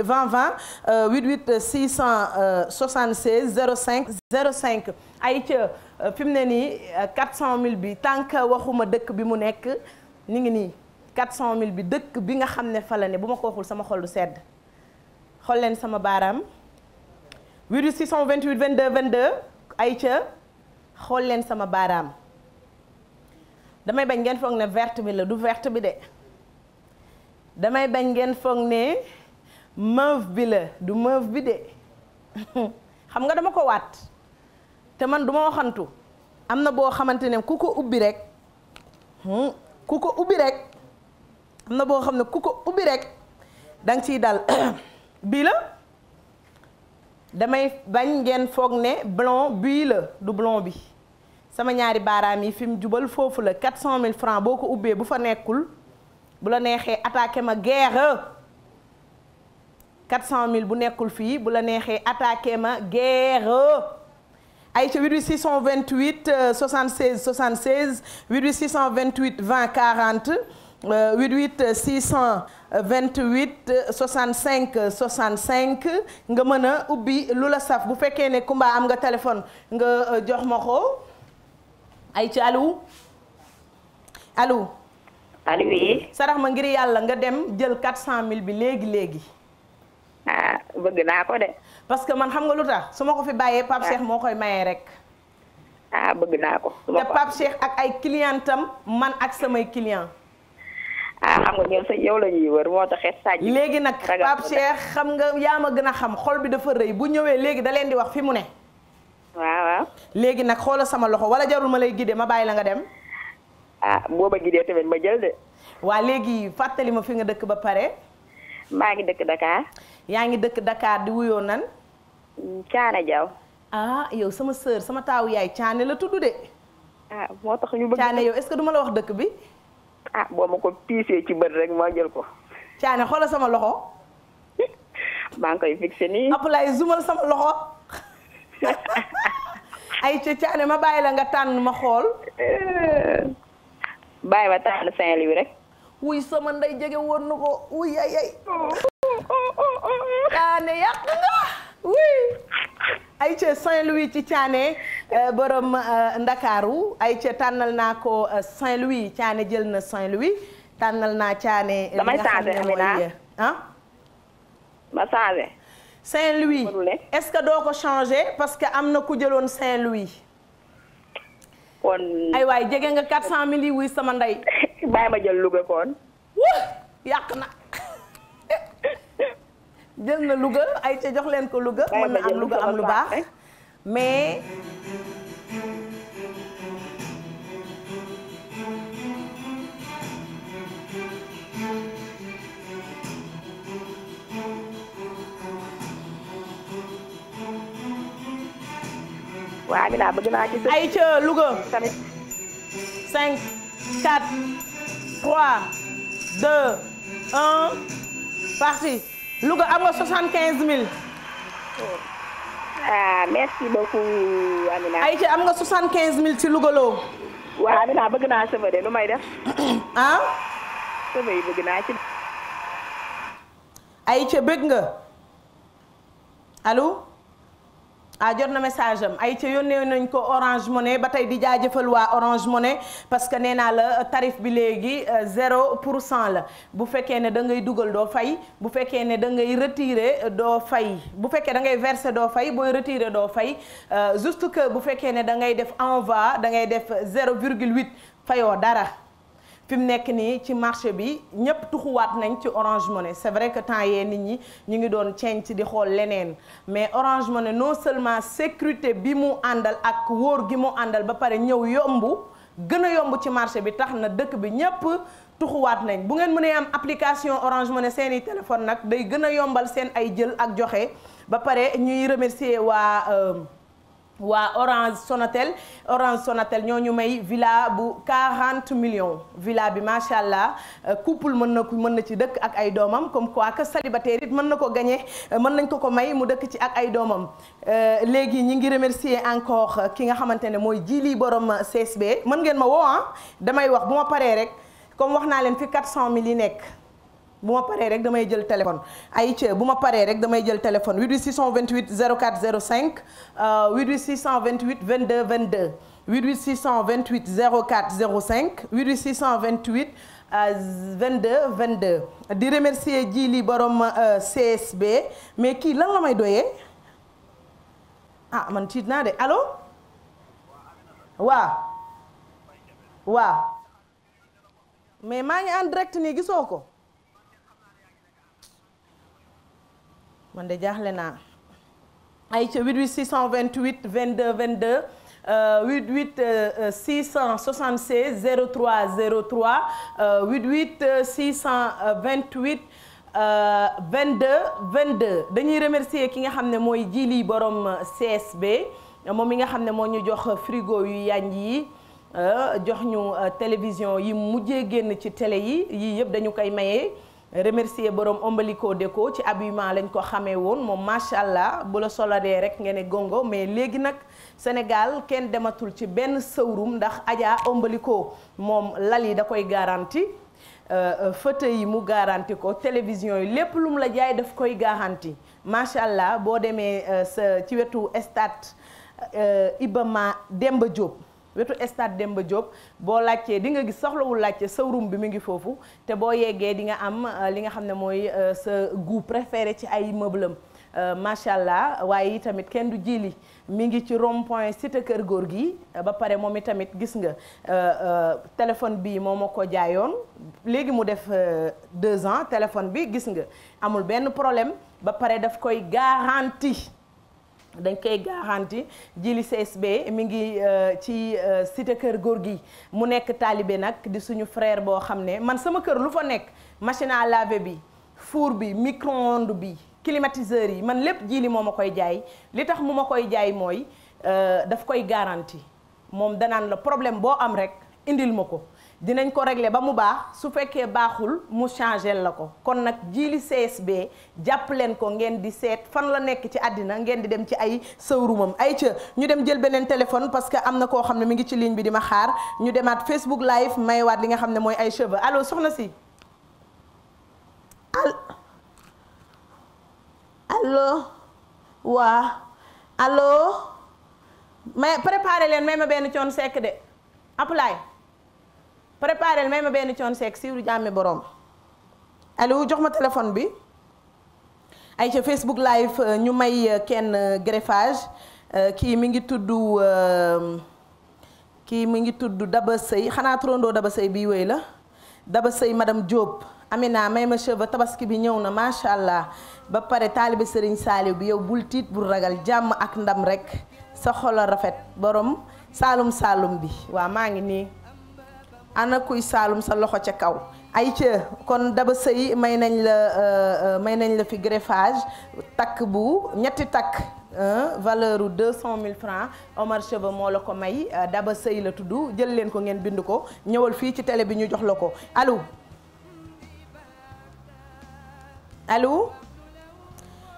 628 20 20 88 676 05 05 ay ca euh, fi mu ne nii 400000 euh, bi tànk waxuma dëkk bi mu nekk ni ngi nii mille bi dëkk bi nga xam ne fa ne bu ma ko waxul sama xolu du sedd. xool leen sama baaraam 88 628 22 ay ca xool leen sama baaraam damay bañ ngeen foog ne vert bi la du vert bi de damay bañ ngeen foog ne mauve bi la du mauve bi de xam nga dama ko waat te man du ma waxantu am na boo xamante ne ku ko ubbi rek hmm, ku ko ubbi rek am na boo xam ne ku ko ubbi rek danga ciy dal bii la damay bañ ngeen foog ne blond bii la du blond bi sama ñaari baaraam yi fi mu jubal foofu la 400000 francs boo ko ubbee bu fa nekkul bu la neexee attaqué ma guerre 400000 bu nekkul fii bu la neexee attaqué ma guerre. ay ca 88628 76 76 88628 20 40 88 cinq 65 65 nga mën a ubbi lu la saf bu fekkee ne Kumba am nga téléphone nga euh, jox ma ko ay ci allo allo. allo oui. sarax ma ngir yàlla nga dem jël cent mille bi léegi léegi. ah bëgg naa ko de. parce que man xam nga lu tax su ma ko fi bàyyee Pape ah. Cheikh moo koy maye rek. ah bëgg naa ko. te Pape Cheikh ak ay clientam man ak samay client ah xam nga ñoom sa yow la ñuy wër moo taxee sàjj léegi nag Pape Cheikh xam nga yaa ma gën a xam xol bi dafa rëy bu ñëwee léegi da leen di wax fi mu ne. waaw waaw. léegi nag xoola sama loxo wala jarul ma lay gidee ma bàyyi la nga dem. ah booba gidee tamit ma jël de. waa léegi fàttali ma fi nga dëkk ba pare. maa ngi dëkk Dakar. yaa ngi dëkk dakaar di wuyoo nan. Caana Jaw ah yow sama sœur sama taawu yaay Caane la tudd de. ah moo tax ñu bëgg Caane yow est-ce que la wax dëkk bi. ah boo ma ko piisee ci bët rek moo jël ko. caane xoolal sama loxo. maa ngi koy fixé nii. Abdoulaye zumal sama loxo. ay ca caane ma bàyyi la nga tànn ma xool. bàyyi ma tànn Saint-Louis rek. wuy sama ndey jege woon na ko wuy ay ay. caane yàq oui ayca Saint-Louis ci Thiané euh, borom euh, Ndakaaru ayca tànnal naa ko euh, Saint-Louis Thiané jël na Saint-Louis tànnal naa Thiané. damay changé Amina ah. ma Saint-Louis est-ce que doo ko changé parce que am na ku jëloon Saint-Louis. kon ay waay jege nga 400000 yi wuy sama ndey. bàyyi ma jël Louga kon. wuu na. jël na Louga ay ca jox leen Louga mën na am Louga am lu baax mais waa Louga. tamit. 5 4 3 2 1 Louga am nga soixante quinze mille. ah merci beaucoup Amina. ay ci am nga soixante quinze mille ci Louga loo. waaw Amina bëgg naa sëba de lu may def. ah. sëba yi bëgg naa ci. ay ci bëgg nga alo ah jot na message am ay ca yónnee nañ ko Orange Money ba tey di jaajëfal waa Orange Money parce que nee naa la euh, tarif bi léegi euh, zéro pour cent la bu fekkee ne da ngay dugal doo fay bu fekkee ne da ngay retirer euh, doo fay bu fekkee da ngay verser doo fay booy retirer doo fay juste que bu fekkee ne da ngay def envoi da ngay def zéro virgule huit fayoo dara. fi nekk nii ci marché bi ñëpp tuxuwaat nañ ci Orange Money c'est vrai que temps yee nit ñi ñu ngi doon cenc di xool leneen mais Orange ne no seulement sécurité bi mu àndal ak wóor gi mu àndal ba pare ñëw yomb gën a yomb ci marché bi tax na dëkk bi ñëpp tuxuwaat nañ bu ngeen mënee am application Orange Money seen i téléphone nag day gën a yombal seen ay jël ak joxe ba pare ñuy remercier waa euh, waa Orange Sonatel Orange Sonatel ñoo ñu may villa bu 40 million villa bi macha allah euh, couple mën na ko mën na ci dëkk ak ay doomam comme quoi que célibataire it mën na ko gagné euh, mën nañ ko ko may mu dëkk ci ak ay doomam. Euh, léegi ñi ngi remercier encore ki nga xamante ne mooy lii borom CSB mën ngeen ma woo ah damay wax bu ma paree rek comme wax naa leen fi 400 mille yi nekk. bu ma paree rek damay jël téléphone Aïcha bu ma paree rek damay jël téléphone 88 628 04 05 88 628 22 22 88 628 04 05 88 628 22 22 di remercier Djili borom euh, CSB mais kii lan la may doyee ah man tiit naa de allo waaw waaw mais maa ngi en direct nii gisoo ko. man de jaaxle naa ay ca 88 628 22 22 88 676 03 03 88 628 22 22 dañuy remercier ki nga xam ne mooy jii jili borom euh, CSB moom yi nga xam ne moo ñu jox euh, frigo yu yànj yi euh, jox ñu télévision yi mujjee génn ci télé yi yii yëpp dañu koy mayee remercier borom ombaliko ko ci habillement lañ ko xamee woon moom macha allah bu la solalee rek nga ne gongo mais léegi nag Sénégal kenn dematul ci benn sëwrum ndax Adja ombaliko moom lal yi da koy garanti euh, euh, fauteuil yi mu garanti ko télévision yi lépp lu mu la jaay daf koy garanti macha allah boo demee euh, sa ci wetu stade Iba Mar Demba Diop. wetu stade ba jóg boo laajtee di nga gis soxlawul laajte sa room bi mu ngi foofu te boo yeggee di nga am euh, li nga xam ne mooy euh, sa goût préféré ci ay meuble am euh, macha allah waaye tamit kenn du jili mi ngi ci rompoint point cité kër góor gi ba pare moom itamit gis nga téléphone bi moom ma ko jaayoon léegi mu def deux ans téléphone bi gis nga amul benn problème ba pare daf koy garantie dañ koy garanti jili CSB mi ngi euh, ci euh, cité kër góor gi mu nekk taalibe nag di suñu frère boo xam ne man sama kër lu fa nekk machine à laver bi four bi micro bi climatiseur yi man lépp jili moo ma koy jaay li tax mu ma koy jaay mooy euh, daf koy garanti moom danaan la problème boo am rek indil ma ko dinañ ko régler ba mu baax su fekkee baaxul mu changé la ko kon nag jiili CSB jàpp leen ko ngeen di seet fan la nekk ci àddina ngeen di dem ci ay sëwrumam ay ca ñu dem jël beneen téléphone parce que am na koo xam ne mu ngi ci ligne bi di ma xaar ñu demaat Facebook live maywaat li nga xam ne mooy ay cheveux allo soxna si al waa allo may préparé leen may ma benn coon sekk de apply préparel may ma benn coon seek siiru jàmmi borom allo jox ma téléphone bi ay ca Facebook live euh, ñu may euh, kenn euh, greffage kii mi ngi tudd kii mu ngi tudd Daba Sëy xanaa trondoo Daba Sëy bii wéy la Daba Sëy madame Diop Amina may ma ba tabaski bi ñëw na macha allah ba pare taalibe Serigne Saliou bi yow bul tiit bul ragal jàmm ak ndam rek sa xol rafet boroom Saalum Saalum bi waaw maa ngi nii ana kuy saalum sa loxo ca kaw ay ca kon daba sëy may nañ la euh, euh, may nañ la fi greffage takk bu ñetti takk valeur u deux cent mille francs Omar Cheveux moo la ko may euh, daba sëy la tudd jël leen ko ngeen bind ko ñëwal fii ci tele bi ñu jox la ko allo allo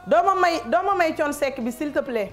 dooma may dooma may coon sekk bi s'il te plaît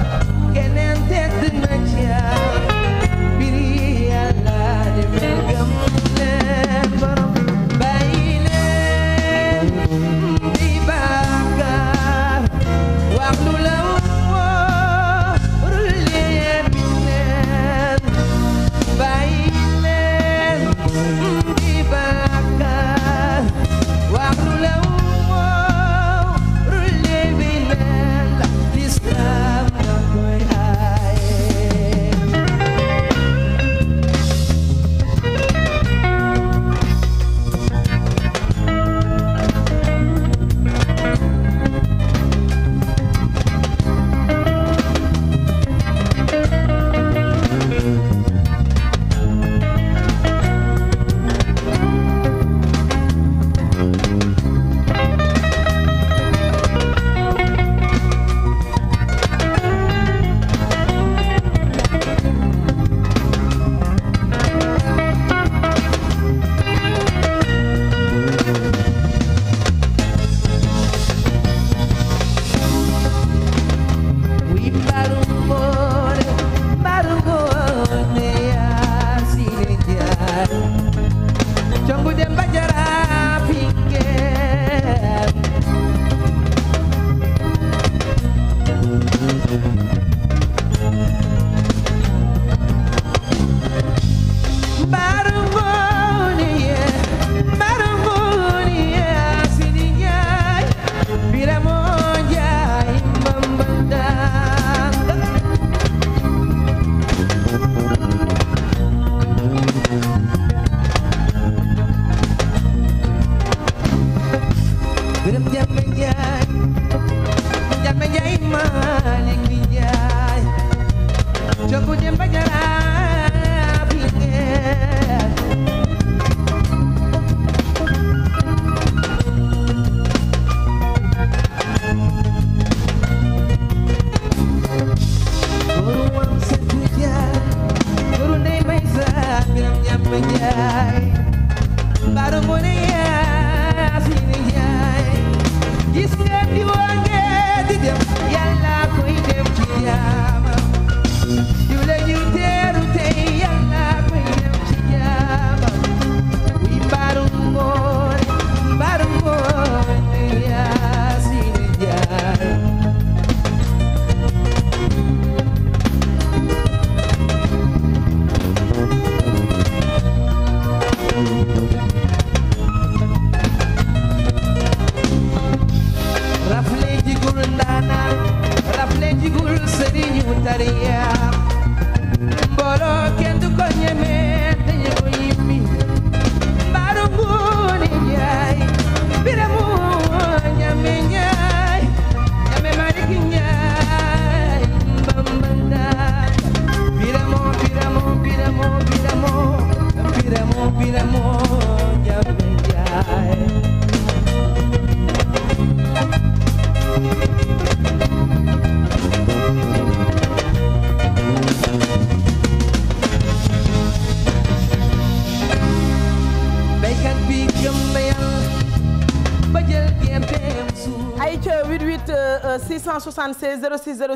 76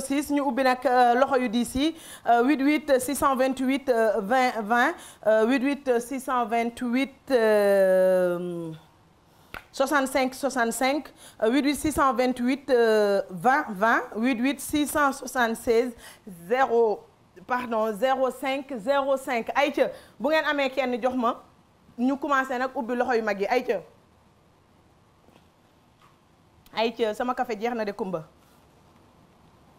06 06 ñu ubbi nag euh, loxo yu diis yi 88 628 20 20 88 628. 65 65 88 628 euh, 20 20 88 676 0 pardon 05 05 ayca bu ngeen amee kenn jox ma ñu commencé nag ubbi loxo yu mag yi ayca ayca sama café jeex na de Kumba.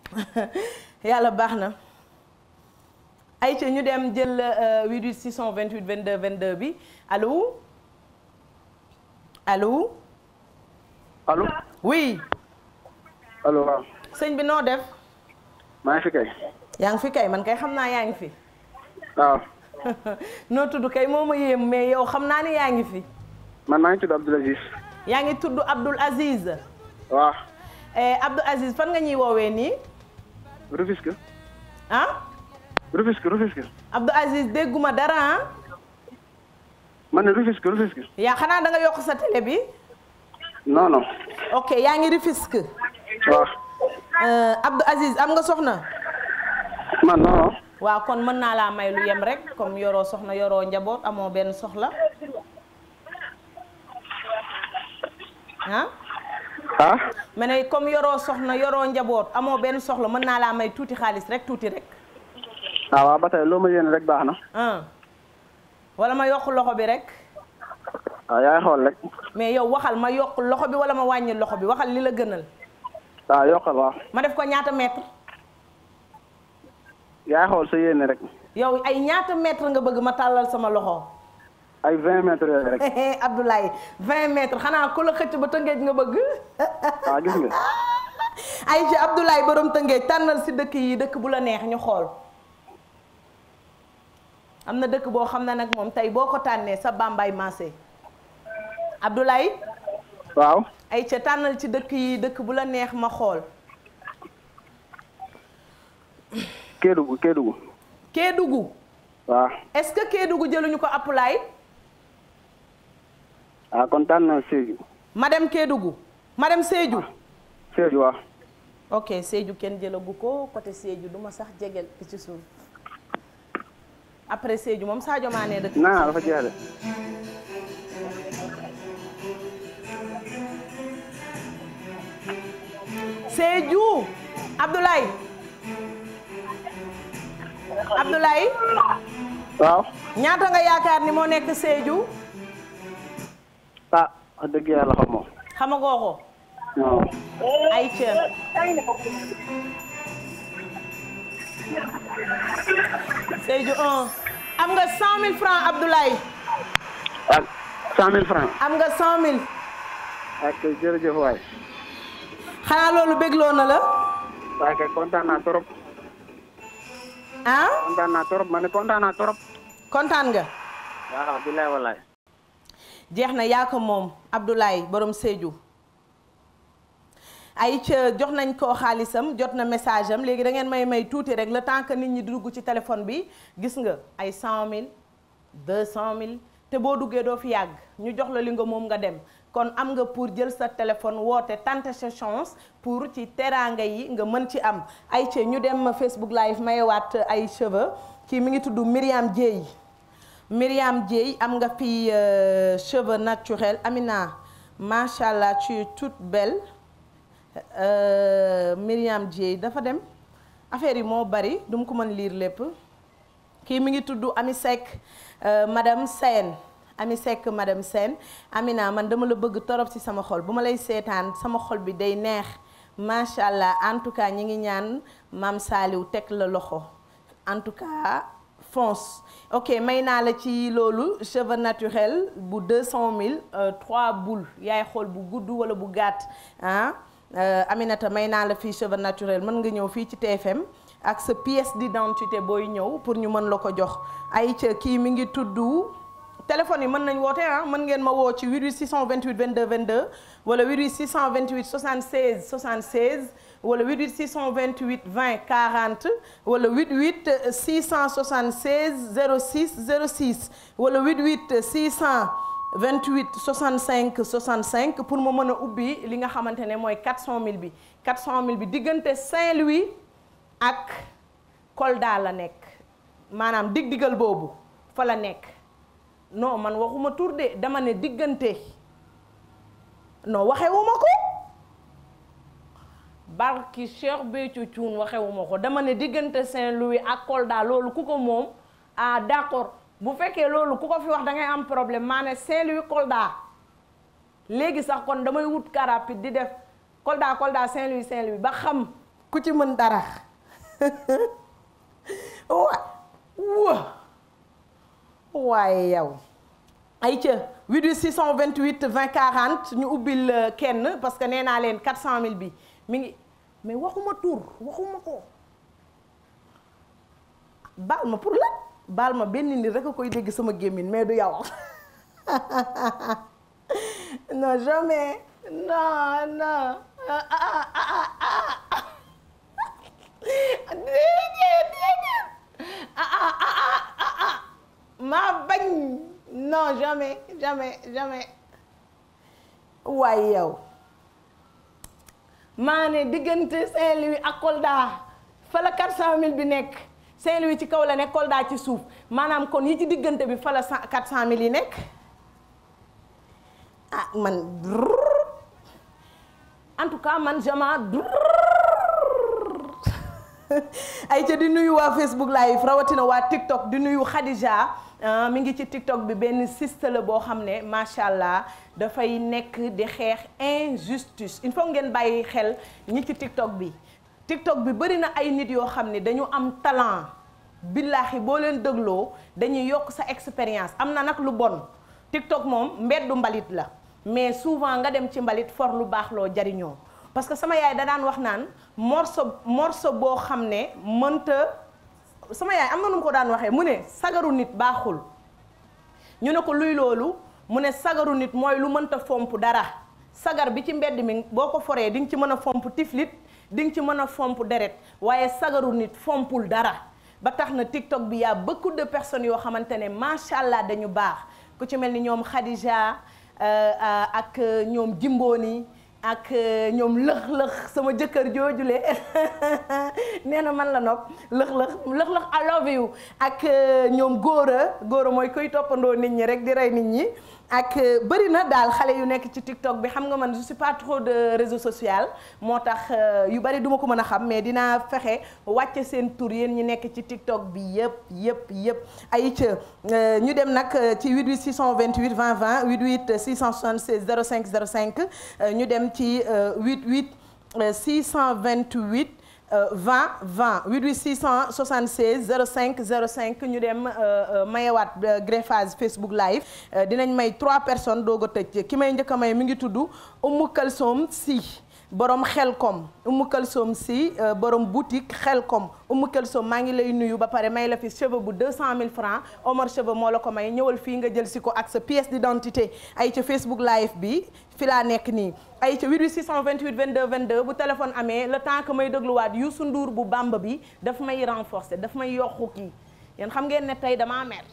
yàlla baax na ayca ñu dem jël 88 628 22 22 bi allo allo. allo. oui. allo waaw. sëñ bi noo def. maa ngi fi kay. yaa ngi fi kay man kay xam naa yaa ngi fi. waaw. noo tudd kay moo ma yéem mais yow xam naa ni yaa ngi fi. man maa ngi tudd Abdoul Aziz. yaa ngi tudd Abdoul Aziz. waaw. Eh, Abdoul Aziz fan nga ñuy woowe nii. Rufisque. ah. Rufisque Rufisque. dégguma dara ah. ma ne Rufisque Rufisque. yaa xanaa da yokk sa télé bi. noonu ok yaa ngi Rufisque. waaw. Euh, Abdou Aziz am nga soxna. man non. waaw kon mën naa laa may lu yem rek comme yoroo soxna yoroo njaboot amoo benn soxla. ah. ah. ma ne comme yoroo soxna yoroo njaboot amoo benn soxla mën naa laa may tuuti xaalis rek tuuti rek. ah waaw ba tey loo ma yéene rek baax na. Ah. wala ma yokk loxo bi rek. waaw ah, yaay xool rek. mais yow waxal ma yokk loxo bi wala ma wàññi loxo bi waxal li la gënal. waaw ah, yokkal waaw. ma def ko ñaata mètre. yaay xool sa yéene rek. yow ay ñaata mètre nga bëgg ma tàllal sama loxo. ay vingt mètres yooyu rek. Abdoulaye vingt mètres xanaa ku la xëcc ba tëngeej nga bëgg. ah gis nga. Aïcha Abdoulaye borom tëngeej tànnal si dëkk yi dëkk bu la neex ñu xool. am na dëkk boo xam ne nag moom tey boo ko tànnee sa bambay maase Abdoulaye. waaw ay ca tànnal ci dëkk yi dëkk bu la neex ma xool. Kédougou Kédougou. Kédougou. waaw est-ce que Kédougou jëluñu ko Abdoulaye. ah kontaan na Sédhiou. madame Kédougou madame Sédhiou. Sédhiou waaw. ok Sédhiou kenn jëlagu ko côté Sédhiou du ma sax jegel ci suuf après Sédhiou moom Sadio Mané dëkk. naa dafa jeex de. Sédhiou Abdoulaye. Abdoulaye. waaw. ñaata nga yaakaar ni moo nekk Sédhiou. ah wax dëgg yàlla moom xamagoo ko. non. ay cër. Seydou 1. am nga 100000 francs Abdoulaye. ak 100000 francs. am nga 100000. ak jërëjëf waay. xanaa loolu bégloo na la. waaye kay kontaan naa trop. ah. kontaan naa trop ma ne kontaan naa trop. kontaan nga. waaw bilaay walaay. jeex na yaa ko moom Abdoulaye borom Sédhiou ay ca jox nañ koo xaalisam jot na message am léegi da ngeen may may tuuti rek le temps que nit ñi dugg ci téléphone bi gis nga ay cent 200000 te boo duggee doo fi yàgg ñu jox la li nga moom nga dem kon am nga pour jël sa téléphone woote tenter sa pour ci teraanga yi nga mën ci am ay ca ñu dem Facebook live mayewaat ay cheveux kii mi ngi tudd Myriam yi Myriam Dieye am nga fi euh, cheveux naturels Amina macha allah tu es toute belle euh, Myriam Dieye dafa dem affaire yi moo bari du mu ko mën liir lépp kii mi ngi tudd Ami Seck euh, madame Sène Ami Seck madame Sène Amina man dama la bëgg torop si sama xol bu ma lay seetaan sama xol bi day neex macha allah en tout cas ñi ngi ñaan maam Saliou teg la loxo en fonce. ok may naa la ci loolu cheveux naturel bu cent 200000 3 euh, boules yaay xool bu gudd wala bu gàtt ah Aminata may naa la fii cheveux naturel mën nga ñëw fii ci TFM ak sa di d'identité booy ñëw pour ñu mën la ko jox ay ca kii mi ngi tudd téléphone yi mën nañ woote ah mën ngeen ma woo ci 88 628 22 22 wala 88 628 76 76 wala 88 628 20 40 wala 88 676 06 06 wala 88 600. 28 65 65 pour ma mën a ubbi li nga xamante ne mooy mille bi 400000 bi diggante Saint-Louis ak Kolda la nekk maanaam dig-digal boobu fa la nekk non man waxuma tur de dama ne diggante non waxewuma ko. barki Cheikh Béthio Thioune waxewuma ko dama ne diggante Saint-Louis ak Kolda loolu ku ko moom ah d'accord bu fekkee loolu ku ko fi wax da ngay am problème maane ne Saint-Louis Kolda léegi sax kon damay wut car di def Kolda Kolda Saint-Louis Saint-Louis ba xam ku ci mën dara wa wa waaye yow ay ca 88 628 20 40 ñu ubbil euh, kenn parce que nee naa leen 400 000 bi mi ngi mais waxuma tur waxuma ko baal ma pour la baal ma benn nit rek a koy dégg sama gémmiñ mais du yow non jamais non non maa bañ non jamais jamais jamais waaye yow maa ne diggante Saint-Louis ak Kolda fa la 400000 bi nekk Saint-Louis ci kaw la nekk Kolda ci suuf maanaam kon yi ci diggante bi fa la 400000 yi nekk ah man en tout cas man jamaa ay ca di nuyu waa Facebook live rawatina waa TikTok di nuyu Khadija ah, mi ngi ci TikTok bi benn siste la boo xam ne macha allah. dafay nekk di xeex injustice il faut ngeen bàyyi xel ñi ci TikTok bi TikTok bi bëri na ay nit yoo xam ne dañu am talan billaaxi boo leen dégloo dañuy yokk sa expérience am na nag lu bon TikTok moom mbeddu mbalit la mais souvent nga dem ci mbalit for lu baax loo jariñoo parce que sama yaay da daan wax naan morceau morceau boo xam ne mënta sama yaay am na nu mu ko daan waxee mu ne sagaru nit baaxul ñu ne ko luy loolu mu ne sagaru nit mooy lu mënta fomp dara sagar bi ci mbedd mi boo ko foree di nga ci mën a fomp tiflit di ci mën a fomp deret waaye sagaru nit fompul dara ba tax na TikTok bi yaa beaucoup de personnes yoo xamante ne macha allah dañu baax ku ci mel ni ñoom Khadija euh, euh, ak euh, ñoom jimboo nii ak euh, ñoom lëx-lëx sama jëkkër joojule nee na man la nopp lëx-lëx lëx-lëx I love you ak euh, ñoom góora góora mooy kuy toppandoo nit ñi rek di rey nit ñi ak euh, bëri na daal xale yu nekk ci TikTok bi xam nga man je suis pas trop de réseau social moo tax euh, yu bari duma ko mën a xam mais dinaa fexe wàcce seen tour yéen ñi nekk ci TikTok bi yëpp yëpp yëpp ay ca euh, ñu dem nag ci 88 628 20 20 88 676 05 05 ñu dem ci 88 628 20 20 88 676 05 cinq ñu dem euh, euh, mayewaat euh, greffage Facebook live dinañ may trois personnes doog a tëj ki may njëkk may mi ngi tudd Oumou Kalsoum Sy borom xelkom Umu Kalsoom si euh, borom boutique xelkom Umu Kalsoom maa ngi lay nuyu ba pare may la fi cheveux bu 200000 francs Omar cheveux moo la ko may ñëwal fii nga jël si ko ak sa pièce d'identité ay ca Facebook live bi fi laa nekk nii ay ca 88628 22 22 bu téléphone amee le temps que may dégluwaat Youssou Ndour bu Bamba bi daf may renforcer dafa may yokku kii yéen xam ngeen ne tey damaa mer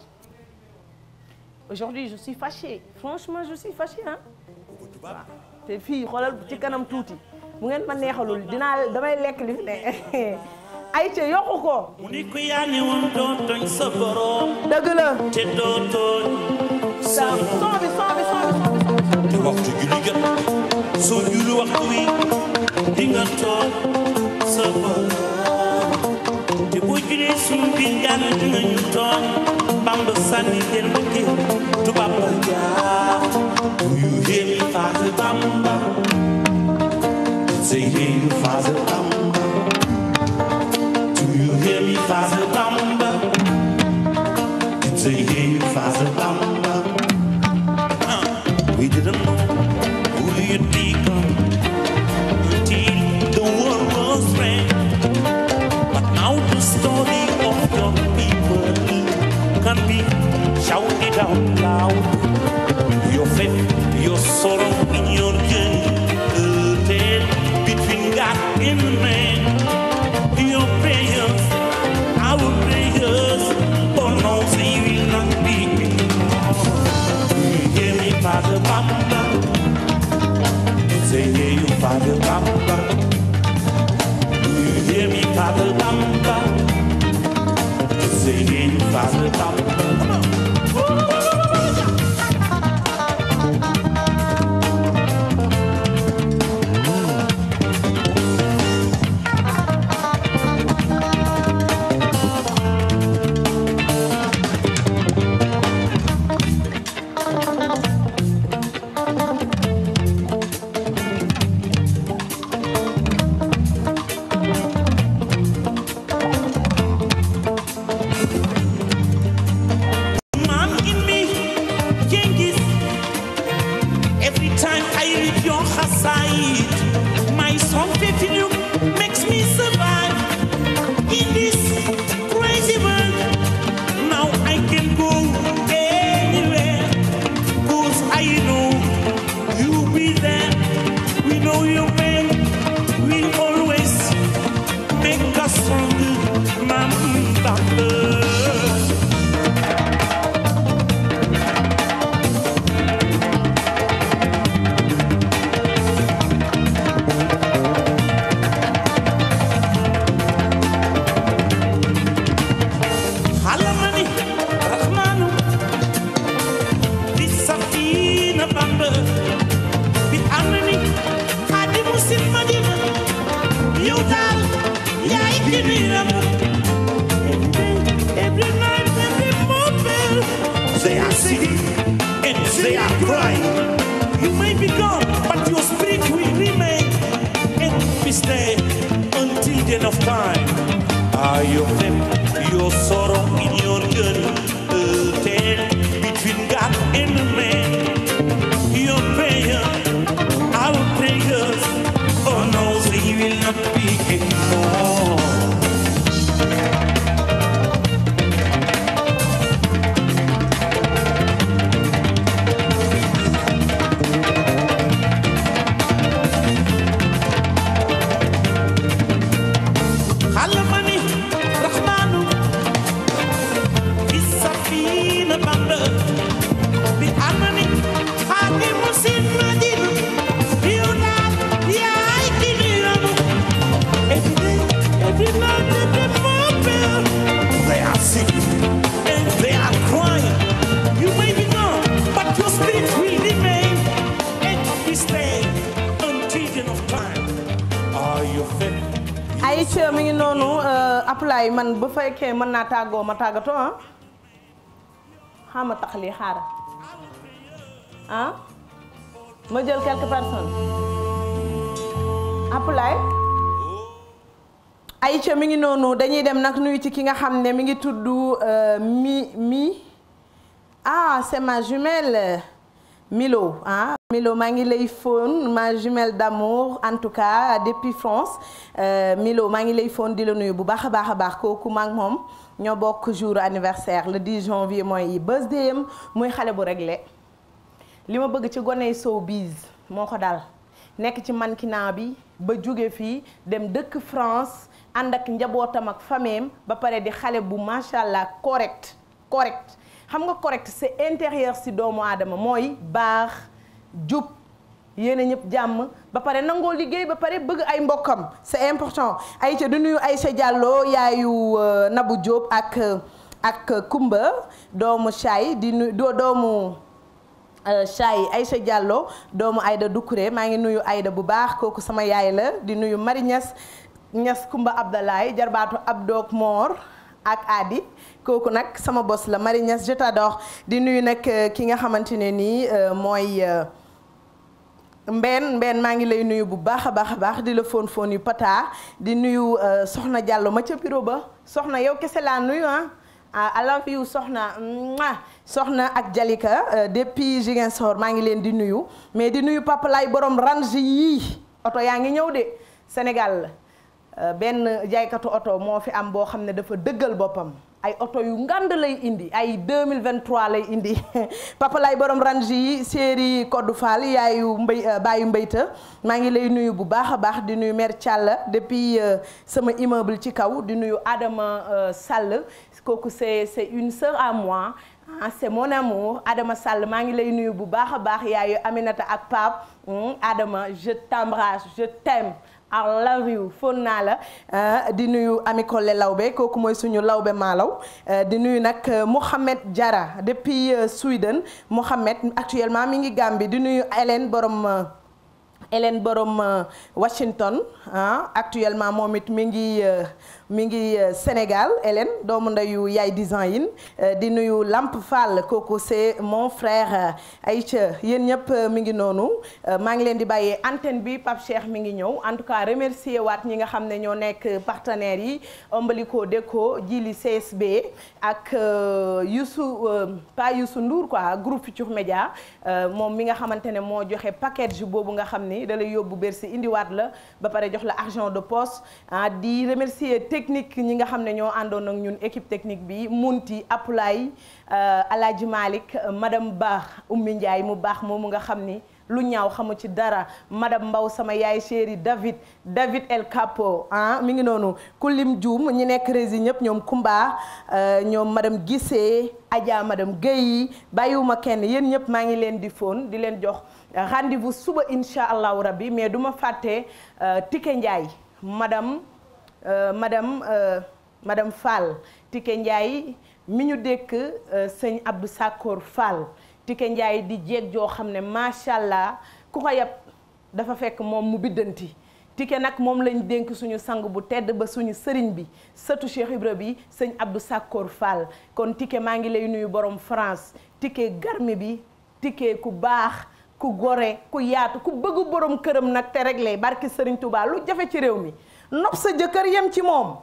aujourd'hui je suis fâchée franchement je suis fâchée ah te fii xoolal ci kanam tuuti bu ngeen ma neexalul dinaa damay lekk li fi ne ay yokku ko mu ni ko yaa ne tooñ sa borom te doo tooñ sa son te waxtu julli jot soo waxtu wi di tooñ sa borom te boo julee suñu biir yàlla dinañu tooñ bamb sànni jël ma kii tubaab ba jaar you hear me Father Bamba Sei que faz eu também. got in me. Your prayers, our prayers, for no see will not be anymore. Hear me, Father Bamba. Say, hear you, Father Bamba. Do you hear me, Father Bamba? Say, hear you, Father Bamba. mën naa tàggoo ma tàggatoo ah xama tax lii xaaral ah ma jël quelques personnes appelay Aïcha mi ngi noonu dañuy dem nag nuyu ci ki nga xam ne mi ngi tudd euh, mi mi ah c'est ma Milo ah Milo maa ngi lay fóon ma jumelle d'amour en tout cas depuis France euh, Milo maa ngi lay fóon di la nuyu bu baax a baax a baax kooku ma ak moom ñoo bokk jour anniversaire le 10 janvier mooy birthday am muy xale bu réglé li ma bëgg ci goney showbiz moo ko dal nekk ci mannequinat bi ba jóge fii dem dëkk France ànd ak njabootam ak fameem ba pare di xale bu macha allah correct correct xam nga correct c'est intérieur si doomu aadama mooy baax. jub yéene ñëpp jàmm ba pare nangoo liggéey ba pare bëgg ay mbokkam c'est important Aïcha du nuyu ay Aïcha Diallo yaayu euh, nabu Diop ak euh, ak Kumba doomu Chaay di nuyu doomu euh, Chaay Aïcha Diallo doomu Aïda Doucouré maa ngi nuyu ayda bu baax kooku sama yaay la di nuyu Marie Niass Niass Kumba Abdalaay jarbaatu doog Moor ak Adi kooku nag sama bos la Marie Niass je di nuyu nag ki nga xamante ne nii mooy Mbène Mbène maa ngi lay nuyu bu baax a baax a baax di la fóon fóon yu pata di nuyu euh, soxna Diallo ma ca bureau ba soxna yow kese laa nuyu ah. I love you soxna soxna ak Jalika euh, depuis Ziguinchor maa ngi leen di nuyu mais di nuyu Papa Laay borom range yii oto yaa ngi ñëw de Sénégal euh, benn jaaykatu oto moo fi am boo xam ne dafa dëggal boppam. ay oto yu ngand lay indi ay deux 2023 lay indi papa lay borom range yi séeri Kodou Fall yaayu mbay euh, baayu mbayta maa ngi lay nuyu bu baax a baax di nuyu mère Thialla depuis euh, sama immeuble ci kaw di nuyu Adama euh, Sall kooku c'est c'est une sœur à moi c'est mon amour Adama Sall maa ngi lay nuyu bu baax a baax yaayu Aminata ak Pape hmm, Adama je t'embrasse je t'aime I love you fon naa la euh, di nuyu Ami Collé Lawbe kooku mooy suñu lawbe maalaw euh, di nuyu nag euh, Mohamed Jara depuis Sweden Mohamed actuellement mi ngi Gambie di nuyu Hélène borom Hélène borom Washington actuellement moom it mi ngi. mi ngi euh, Sénégal Hélène doomu ndeyu yaay dix ans yin di nuyu Lamp Fall kooku c'est mon ay Aïcha yéen ñëpp euh, mi ngi noonu euh, maa ngi leen di bàyyee antenne bi Pape Cheikh mi ngi ñëw en tout cas remercier waat ñi nga xam ne ñoo nekk partenaires yi Ombalico Déco Jili CSB ak Youssou pas su nduur quoi groupe Futur Média moom mi nga xamante ne moo joxe package boobu nga xam ni da lay yóbbu Bercy indiwaat la ba pare jox la argent de poste ah, di remercier technique ñi nga xam ne ñoo àndoon ak ñun équipe technique bi Munti Apulaay euh, Alaaji Malick euh, madame baax Oumy Ndiaye mu baax moomu nga xam ni lu ñaaw xamu ci dara madame Mbaw sama yaay chéri David David El Capo ah mi ngi noonu lim Dioum ñi nekk rési ñëpp ñoom Kumba euh, ñoom madame Guissé Adja madame Guèye bàyyiwuma kenn yéen ñëpp maa ngi leen di foon di leen jox rendez-vous suba incha allahu rabbi mais duma fàtte Tike Ndiaye madame. Euh, madame euh, madam Fall Tike Ndiaye mi ñu dékk euh, sëñ Abdou Sakkoor Fall Tike Ndiaye di jeeg joo xam ne macha allah ku ko yab dafa fekk moom mu biddanti Tike nag moom lañ dénk suñu sang bu tedd ba suñu sëriñ bi sëtu Cheikh Ibra bi sëñ Abdou Sakkoor Fall kon Tike maa ngi lay nuyu borom France Tike garmi bi Tike ku baax. ku gore ku yaatu ku bëggu borom këram nag te réglé barki Serigne Touba lu jafe ci réew mi nopp sa jëkkër yam ci moom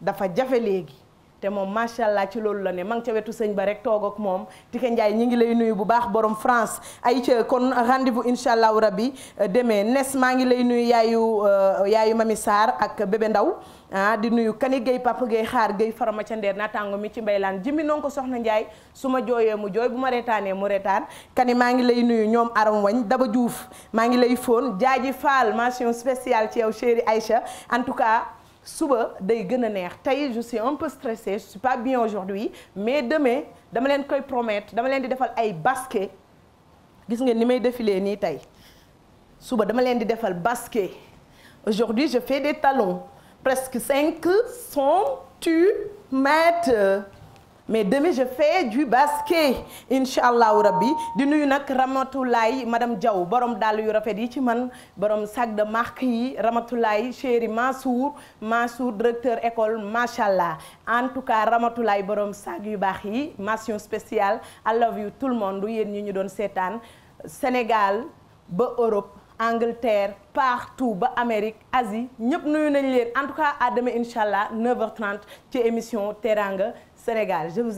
dafa jafe léegi te moom macha allah ci loolu la ne ma ca wetu sëñ ba rek toog moom Tike Ndiaye ñi ngi lay nuyu bu baax borom France ay ca kon rendez-vous incha allahu rabi euh, demee nes maa ngi lay nuyu yaayu euh, yaayu mami saar ak bébé ndaw ah di nuyu kani géy papa géy xaar géy farama ca ndeer naataango mi ci mbaylaan jimmi noon ko soxna Ndiaye su ma jooyee mu jooy bu ma reetaanee mu reetaan kani maa ngi lay nuyu ñoom aram wañ daba juuf maa ngi lay fóon jaaji ji mention spéciale ci yow chéri Aïcha en tout cas suba day gën a neex tey je suis un peu stressée je suis pas bien aujourd'hui mais demain dama leen koy promettre dama leen di defal ay basket gis nga ni may défilé nii tey suba dama leen di defal basket aujourd'hui je fais des talons presque cinq centimètres mais demain je fais du basket incha allahu rabbi di nuyu nag Ramatulaay madame Diaw borom dàll yu rafet yi ci man borom sac de marque yi Ramatulaay chéri Mansour Mansour directeur école macha allah en tout cas Ramatulaay borom sac yu baax yi massion spéciale I you tout le monde yéen ñi ñu doon seetaan Sénégal ba Europe. Angleterre partout ba Amérique Asie ñëpp nuyu nañ leen en tout cas à demain incha allah 9h30 ci émission Teranga. Sénégal je vous